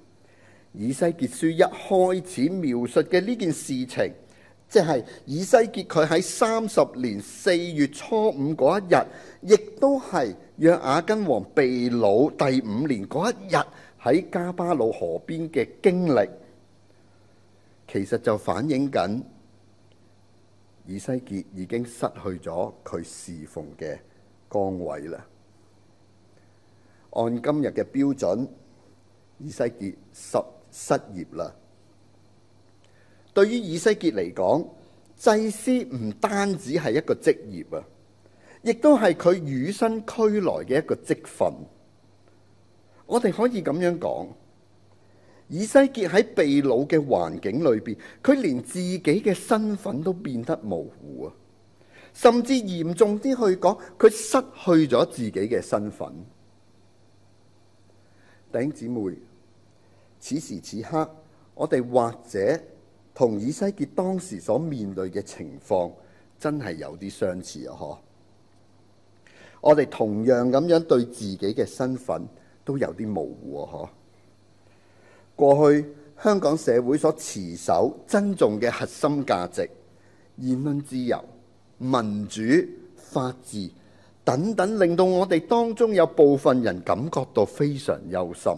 以西結書一開始描述嘅呢件事情，即係以西結佢喺三十年四月初五嗰一日。亦都係約雅斤王被擄第五年嗰一日喺加巴魯河邊嘅經歷，其實就反映緊以西結已經失去咗佢侍奉嘅崗位啦。按今日嘅標準，以西結失失業啦。對於以西結嚟講，祭司唔單止係一個職業啊！亦都係佢與生俱來嘅一個積分。我哋可以咁樣講，以西結喺被擄嘅環境裏邊，佢連自己嘅身份都變得模糊啊，甚至嚴重啲去講，佢失去咗自己嘅身份。弟兄姊妹，此時此刻，我哋或者同以西結當時所面對嘅情況，真係有啲相似啊！嗬。我哋同樣咁樣對自己嘅身份都有啲模糊呵。過去香港社會所持守、珍重嘅核心價值——言論自由、民主、法治等等，令到我哋當中有部分人感覺到非常憂心。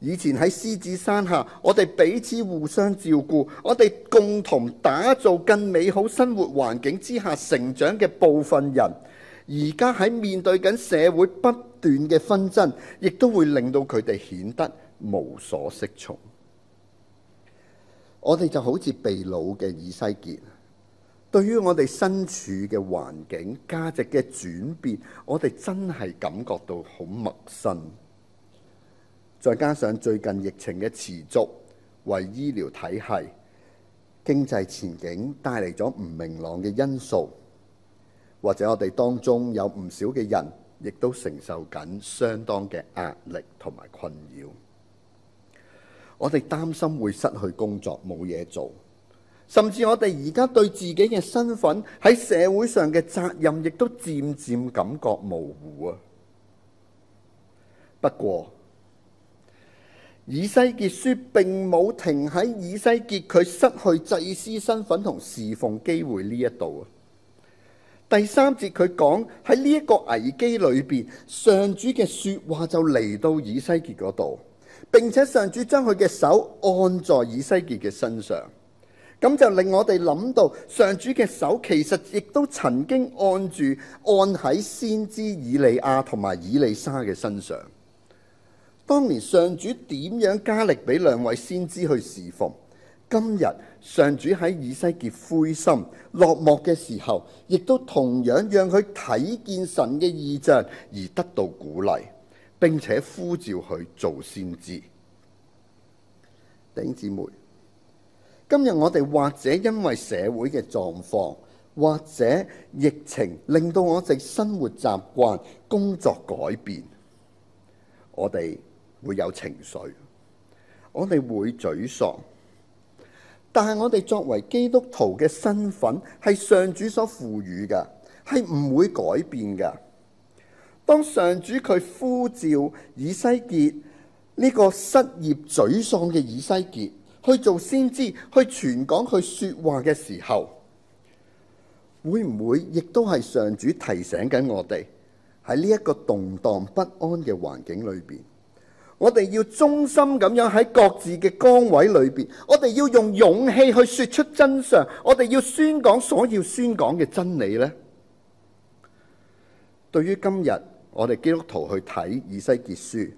以前喺獅子山下，我哋彼此互相照顧，我哋共同打造更美好生活環境之下成長嘅部分人。而家喺面對緊社會不斷嘅紛爭，亦都會令到佢哋顯得無所適從。我哋就好似被擄嘅以西結，對於我哋身處嘅環境、價值嘅轉變，我哋真係感覺到好陌生。再加上最近疫情嘅持續，為醫療體系、經濟前景帶嚟咗唔明朗嘅因素。或者我哋當中有唔少嘅人，亦都承受緊相當嘅壓力同埋困擾。我哋擔心會失去工作，冇嘢做，甚至我哋而家對自己嘅身份喺社會上嘅責任，亦都漸漸感覺模糊啊。不過，以西結書並冇停喺以西結佢失去祭司身份同侍奉機會呢一度啊。第三節佢講，喺呢一個危機裏邊，上主嘅說話就嚟到以西結嗰度，並且上主將佢嘅手按在以西結嘅身上，咁就令我哋諗到上主嘅手其實亦都曾經按住按喺先知以利亞同埋以利沙嘅身上。當年上主點樣加力俾兩位先知去侍奉？今日？上主喺以西結灰心落寞嘅時候，亦都同樣讓佢睇見神嘅意象而得到鼓勵，並且呼召佢做先知。弟兄姊妹，今日我哋或者因為社會嘅狀況，或者疫情令到我哋生活習慣、工作改變，我哋會有情緒，我哋會沮喪。但係我哋作為基督徒嘅身份，係上主所賦予嘅，係唔會改變㗎。當上主佢呼召以西結呢，這個失業沮喪嘅以西結去做先知，去傳講佢說話嘅時候，會唔會亦都係上主提醒緊我哋喺呢一個動盪不安嘅環境裏邊？我哋要忠心咁樣喺各自嘅崗位裏邊，我哋要用勇氣去說出真相，我哋要宣講所要宣講嘅真理呢。對於今日我哋基督徒去睇以西結書，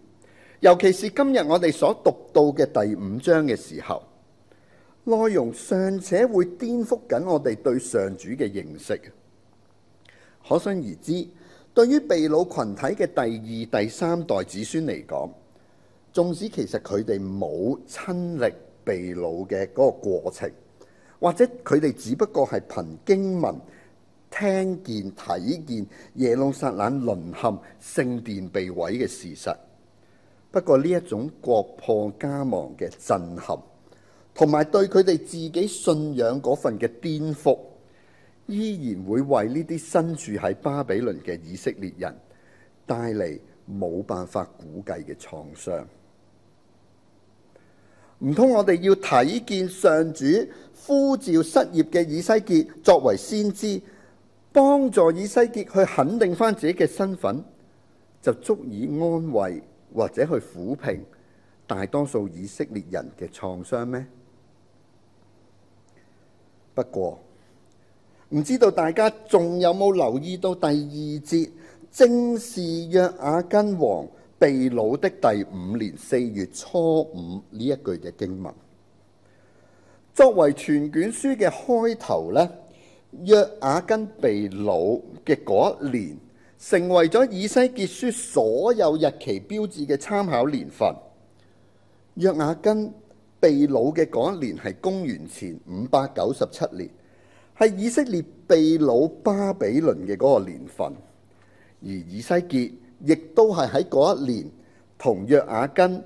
尤其是今日我哋所讀到嘅第五章嘅時候，內容尚且會顛覆緊我哋對上主嘅認識。可想而知，對於被擄群體嘅第二、第三代子孫嚟講，縱使其實佢哋冇親歷被擄嘅嗰個過程，或者佢哋只不過係憑經文、聽見、睇見耶路撒冷淪陷、聖殿被毀嘅事實，不過呢一種國破家亡嘅震撼，同埋對佢哋自己信仰嗰份嘅顛覆，依然會為呢啲身處喺巴比倫嘅以色列人帶嚟冇辦法估計嘅創傷。唔通我哋要睇見上主呼召失業嘅以西結作為先知，幫助以西結去肯定返自己嘅身份，就足以安慰或者去撫平大多數以色列人嘅創傷咩？不過，唔知道大家仲有冇留意到第二節，正是約雅斤王。被擄的第五年四月初五呢一句嘅經文，作為全卷書嘅開頭咧，約雅斤被擄嘅嗰一年，成為咗以西結書所有日期標誌嘅參考年份。約雅斤被擄嘅嗰一年係公元前五百九十七年，係以色列被擄巴比倫嘅嗰個年份，而以西結，亦都係喺嗰一年，同約雅根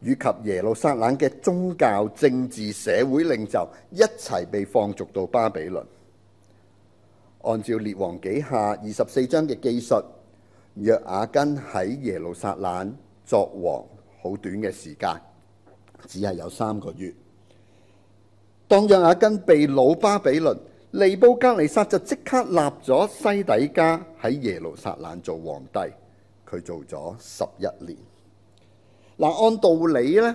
以及耶路撒冷嘅宗教、政治、社會領袖一齊被放逐到巴比倫。按照《列王紀下》二十四章嘅記述，約雅根喺耶路撒冷作王好短嘅時間，只係有三個月。當約雅根被老巴比倫尼布加尼撒，就即刻立咗西底家喺耶路撒冷做皇帝。佢做咗十一年，嗱按道理咧，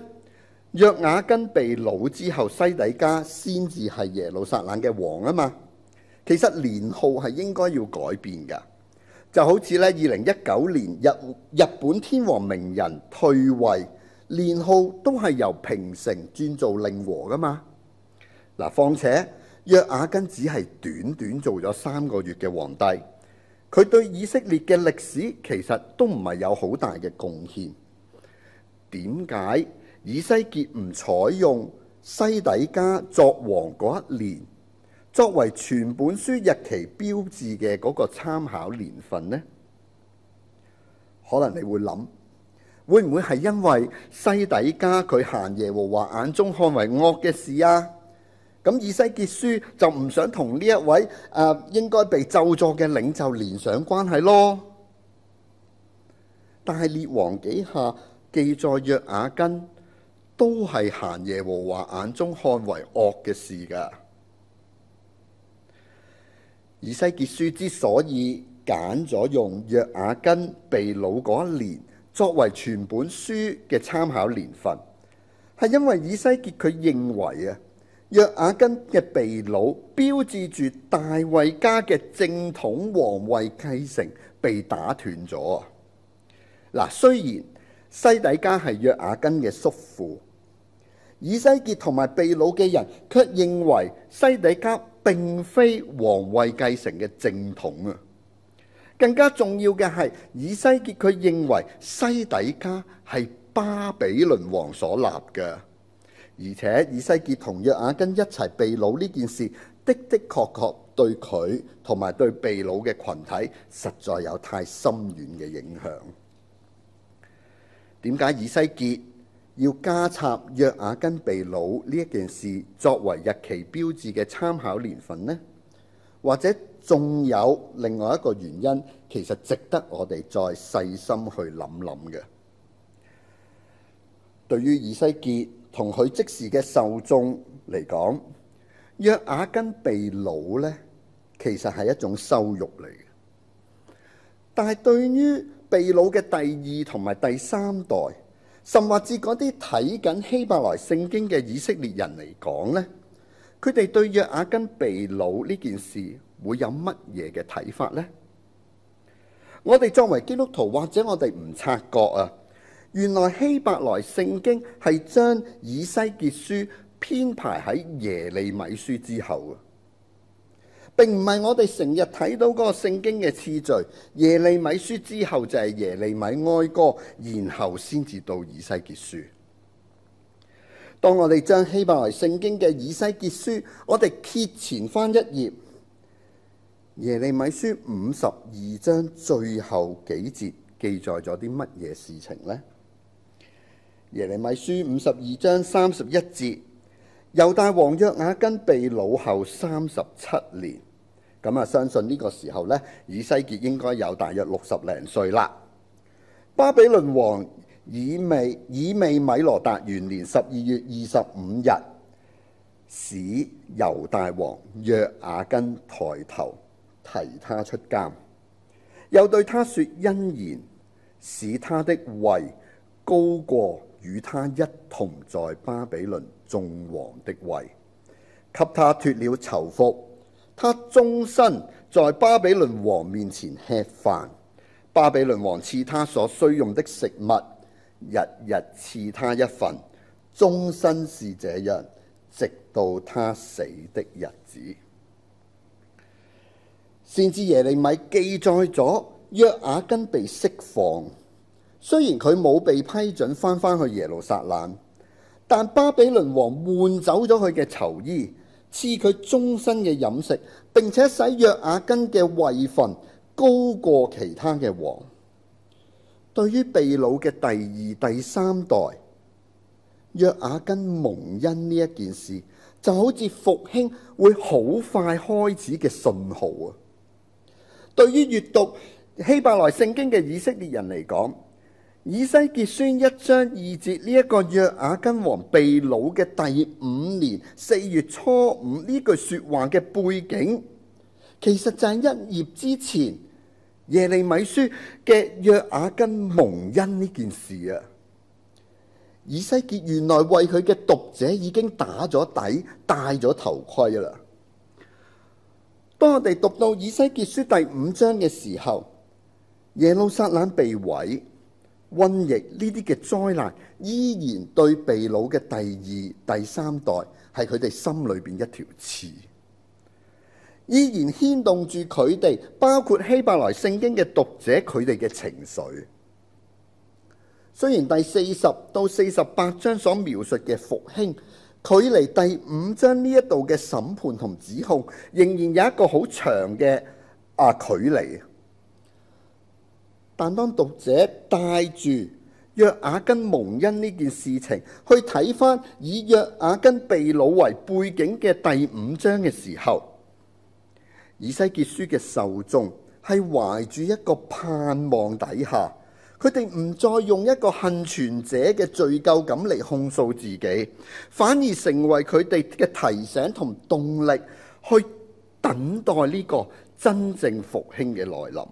約雅斤被擄之後，西底家先至係耶路撒冷嘅王啊嘛。其實年號係應該要改變噶，就好似咧，二零一九年日日本天皇明仁退位，年號都係由平成轉做令和噶嘛。嗱，況且約雅斤只係短短做咗三個月嘅皇帝。佢對以色列嘅歷史其實都唔係有好大嘅貢獻。點解以西結唔採用西底家作王嗰一年作為全本書日期標誌嘅嗰個參考年份呢？可能你會諗，會唔會係因為西底家佢行耶和華眼中看為惡嘅事啊？咁以西結書就唔想同呢一位誒、呃、應該被咒詛嘅領袖連上關係咯。但係列王紀下記載約雅斤都係行耶和華眼中看為惡嘅事㗎。以西結書之所以揀咗用約雅斤被擄嗰一年作為全本書嘅參考年份，係因為以西結佢認為啊。約雅斤嘅被擄，標誌住大衛家嘅正統皇位繼承被打斷咗啊！嗱，雖然西底家係約雅斤嘅叔父，以西結同埋被擄嘅人卻認為西底家並非皇位繼承嘅正統啊！更加重要嘅係，以西結佢認為西底家係巴比倫王所立嘅。而且以西結同約雅斤一齊被擄呢件事的的確確對佢同埋對被擄嘅群體，實在有太深遠嘅影響。點解以西結要加插約雅斤被擄呢一件事作為日期標誌嘅參考年份呢？或者仲有另外一個原因，其實值得我哋再細心去諗諗嘅。對於以西結，同佢即時嘅受眾嚟講，約雅根被擄呢，其實係一種羞辱嚟嘅。但係對於被擄嘅第二同埋第三代，甚或至嗰啲睇緊希伯來聖經嘅以色列人嚟講呢，佢哋對約雅根被擄呢件事會有乜嘢嘅睇法呢？我哋作為基督徒，或者我哋唔察覺啊。原來希伯來聖經係將以西結書編排喺耶利米書之後嘅，並唔係我哋成日睇到嗰個聖經嘅次序，耶利米書之後就係耶利米哀歌，然後先至到以西結書。當我哋將希伯來聖經嘅以西結書，我哋揭前翻一頁，耶利米書五十二章最後幾節記載咗啲乜嘢事情呢？耶利米書五十二章三十一節，猶大王約雅斤被擄後三十七年，咁啊，相信呢個時候呢，以西結應該有大約六十零歲啦。巴比倫王以未以未米羅達元年十二月二十五日，使猶大王約雅斤抬頭，提他出監，又對他説恩言，使他的位高過，與他一同在巴比倫眾王的位，給他脱了囚服，他終身在巴比倫王面前吃飯。巴比倫王賜他所需用的食物，日日賜他一份，終身是這樣，直到他死的日子。先知耶利米記載咗約雅斤被釋放。雖然佢冇被批准翻返去耶路撒冷，但巴比倫王換走咗佢嘅囚衣，賜佢終身嘅飲食，並且使約雅斤嘅位份高過其他嘅王。對於被擄嘅第二、第三代，約雅斤蒙恩呢一件事，就好似復興會好快開始嘅信號啊！對於閱讀希伯來聖經嘅以色列人嚟講，以西結書一章二節呢一個約雅根王被擄嘅第五年四月初五呢句說話嘅背景，其實就係一頁之前耶利米書嘅約雅根蒙恩呢件事啊。以西結原來為佢嘅讀者已經打咗底，戴咗頭盔啦。當我哋讀到以西結書第五章嘅時候，耶路撒冷被毀。瘟疫呢啲嘅災難依然對被擄嘅第二、第三代係佢哋心裏邊一條刺，依然牽動住佢哋，包括希伯來聖經嘅讀者佢哋嘅情緒。雖然第四十到四十八章所描述嘅復興，距離第五章呢一度嘅審判同指控，仍然有一個好長嘅啊距離。但當讀者帶住約雅斤蒙恩呢件事情去睇翻以約雅斤被擄為背景嘅第五章嘅時候，以西結書嘅受眾係懷住一個盼望底下，佢哋唔再用一個幸存者嘅罪疚感嚟控訴自己，反而成為佢哋嘅提醒同動力，去等待呢個真正復興嘅來臨。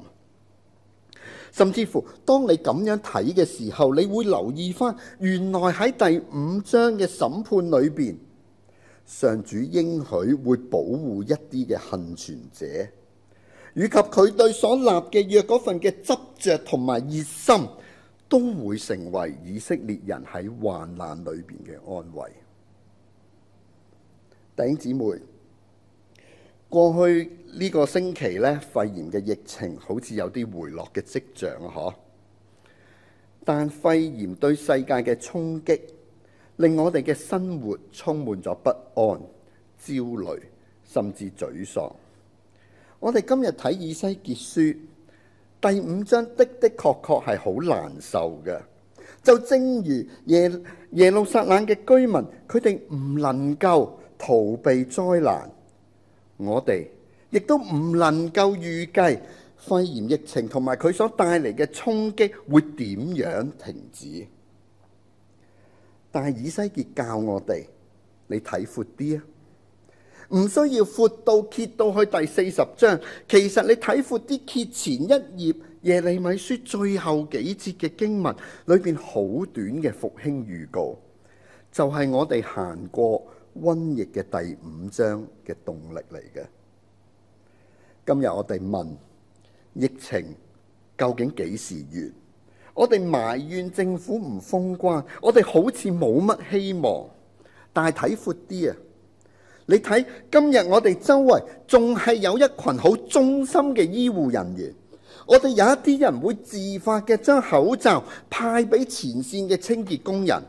甚至乎，當你咁樣睇嘅時候，你會留意返，原來喺第五章嘅審判裏邊，上主應許會保護一啲嘅幸存者，以及佢對所立嘅約嗰份嘅執着同埋熱心，都會成為以色列人喺患難裏邊嘅安慰。弟兄姊妹。過去呢個星期呢，肺炎嘅疫情好似有啲回落嘅跡象，嗬。但肺炎對世界嘅衝擊，令我哋嘅生活充滿咗不安、焦慮，甚至沮喪。我哋今日睇以西結書第五章的的確確係好難受嘅，就正如耶耶路撒冷嘅居民，佢哋唔能夠逃避災難。我哋亦都唔能夠預計肺炎疫情同埋佢所帶嚟嘅衝擊會點樣停止。但係以西結教我哋，你睇闊啲啊！唔需要闊到揭到去第四十章，其實你睇闊啲揭前一頁耶利米書最後幾節嘅經文裏邊好短嘅復興預告，就係我哋行過瘟疫嘅第五章嘅動力嚟嘅。今日我哋問疫情究竟幾時完？我哋埋怨政府唔封關，我哋好似冇乜希望。但係睇闊啲啊！你睇今日我哋周圍仲係有一群好忠心嘅醫護人員。我哋有一啲人會自發嘅將口罩派俾前綫嘅清潔工人。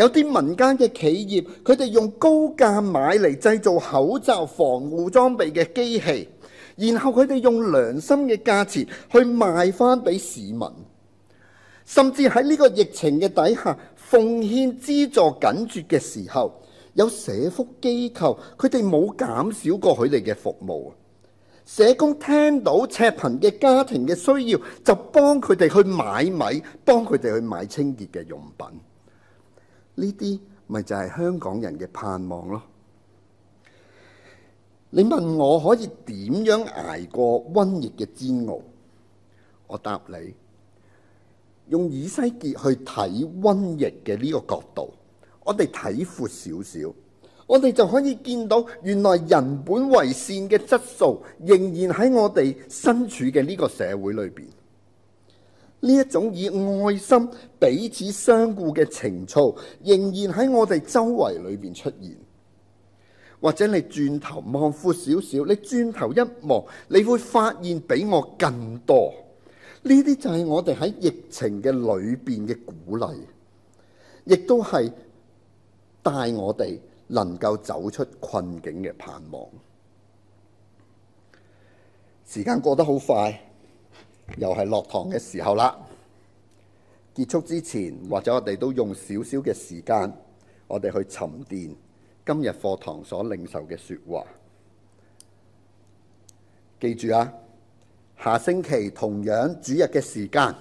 有啲民間嘅企業，佢哋用高價買嚟製造口罩、防護裝備嘅機器，然後佢哋用良心嘅價錢去賣翻俾市民。甚至喺呢個疫情嘅底下，奉獻資助緊絀嘅時候，有社福機構，佢哋冇減少過佢哋嘅服務。社工聽到赤貧嘅家庭嘅需要，就幫佢哋去買米，幫佢哋去買清潔嘅用品。呢啲咪就係香港人嘅盼望咯。你問我可以點樣捱過瘟疫嘅煎熬，我答你：用以西結去睇瘟疫嘅呢個角度，我哋睇闊少少，我哋就可以見到原來人本為善嘅質素仍然喺我哋身處嘅呢個社會裏邊。呢一種以愛心彼此相顧嘅情操，仍然喺我哋周圍裏邊出現。或者你轉頭望闊少少，你轉頭一望，你會發現比我更多。呢啲就係我哋喺疫情嘅裏邊嘅鼓勵，亦都係帶我哋能夠走出困境嘅盼望。時間過得好快。又係落堂嘅時候啦，結束之前，或者我哋都用少少嘅時間，我哋去沉澱今日課堂所領受嘅說話。記住啊，下星期同樣主日嘅時間，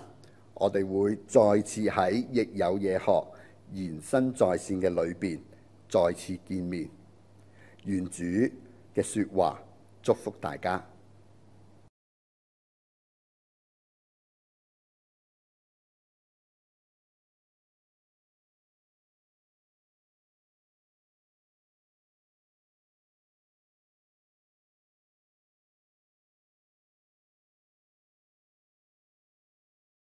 我哋會再次喺疫有嘢學延伸在線嘅裏邊再次見面。願主嘅說話祝福大家。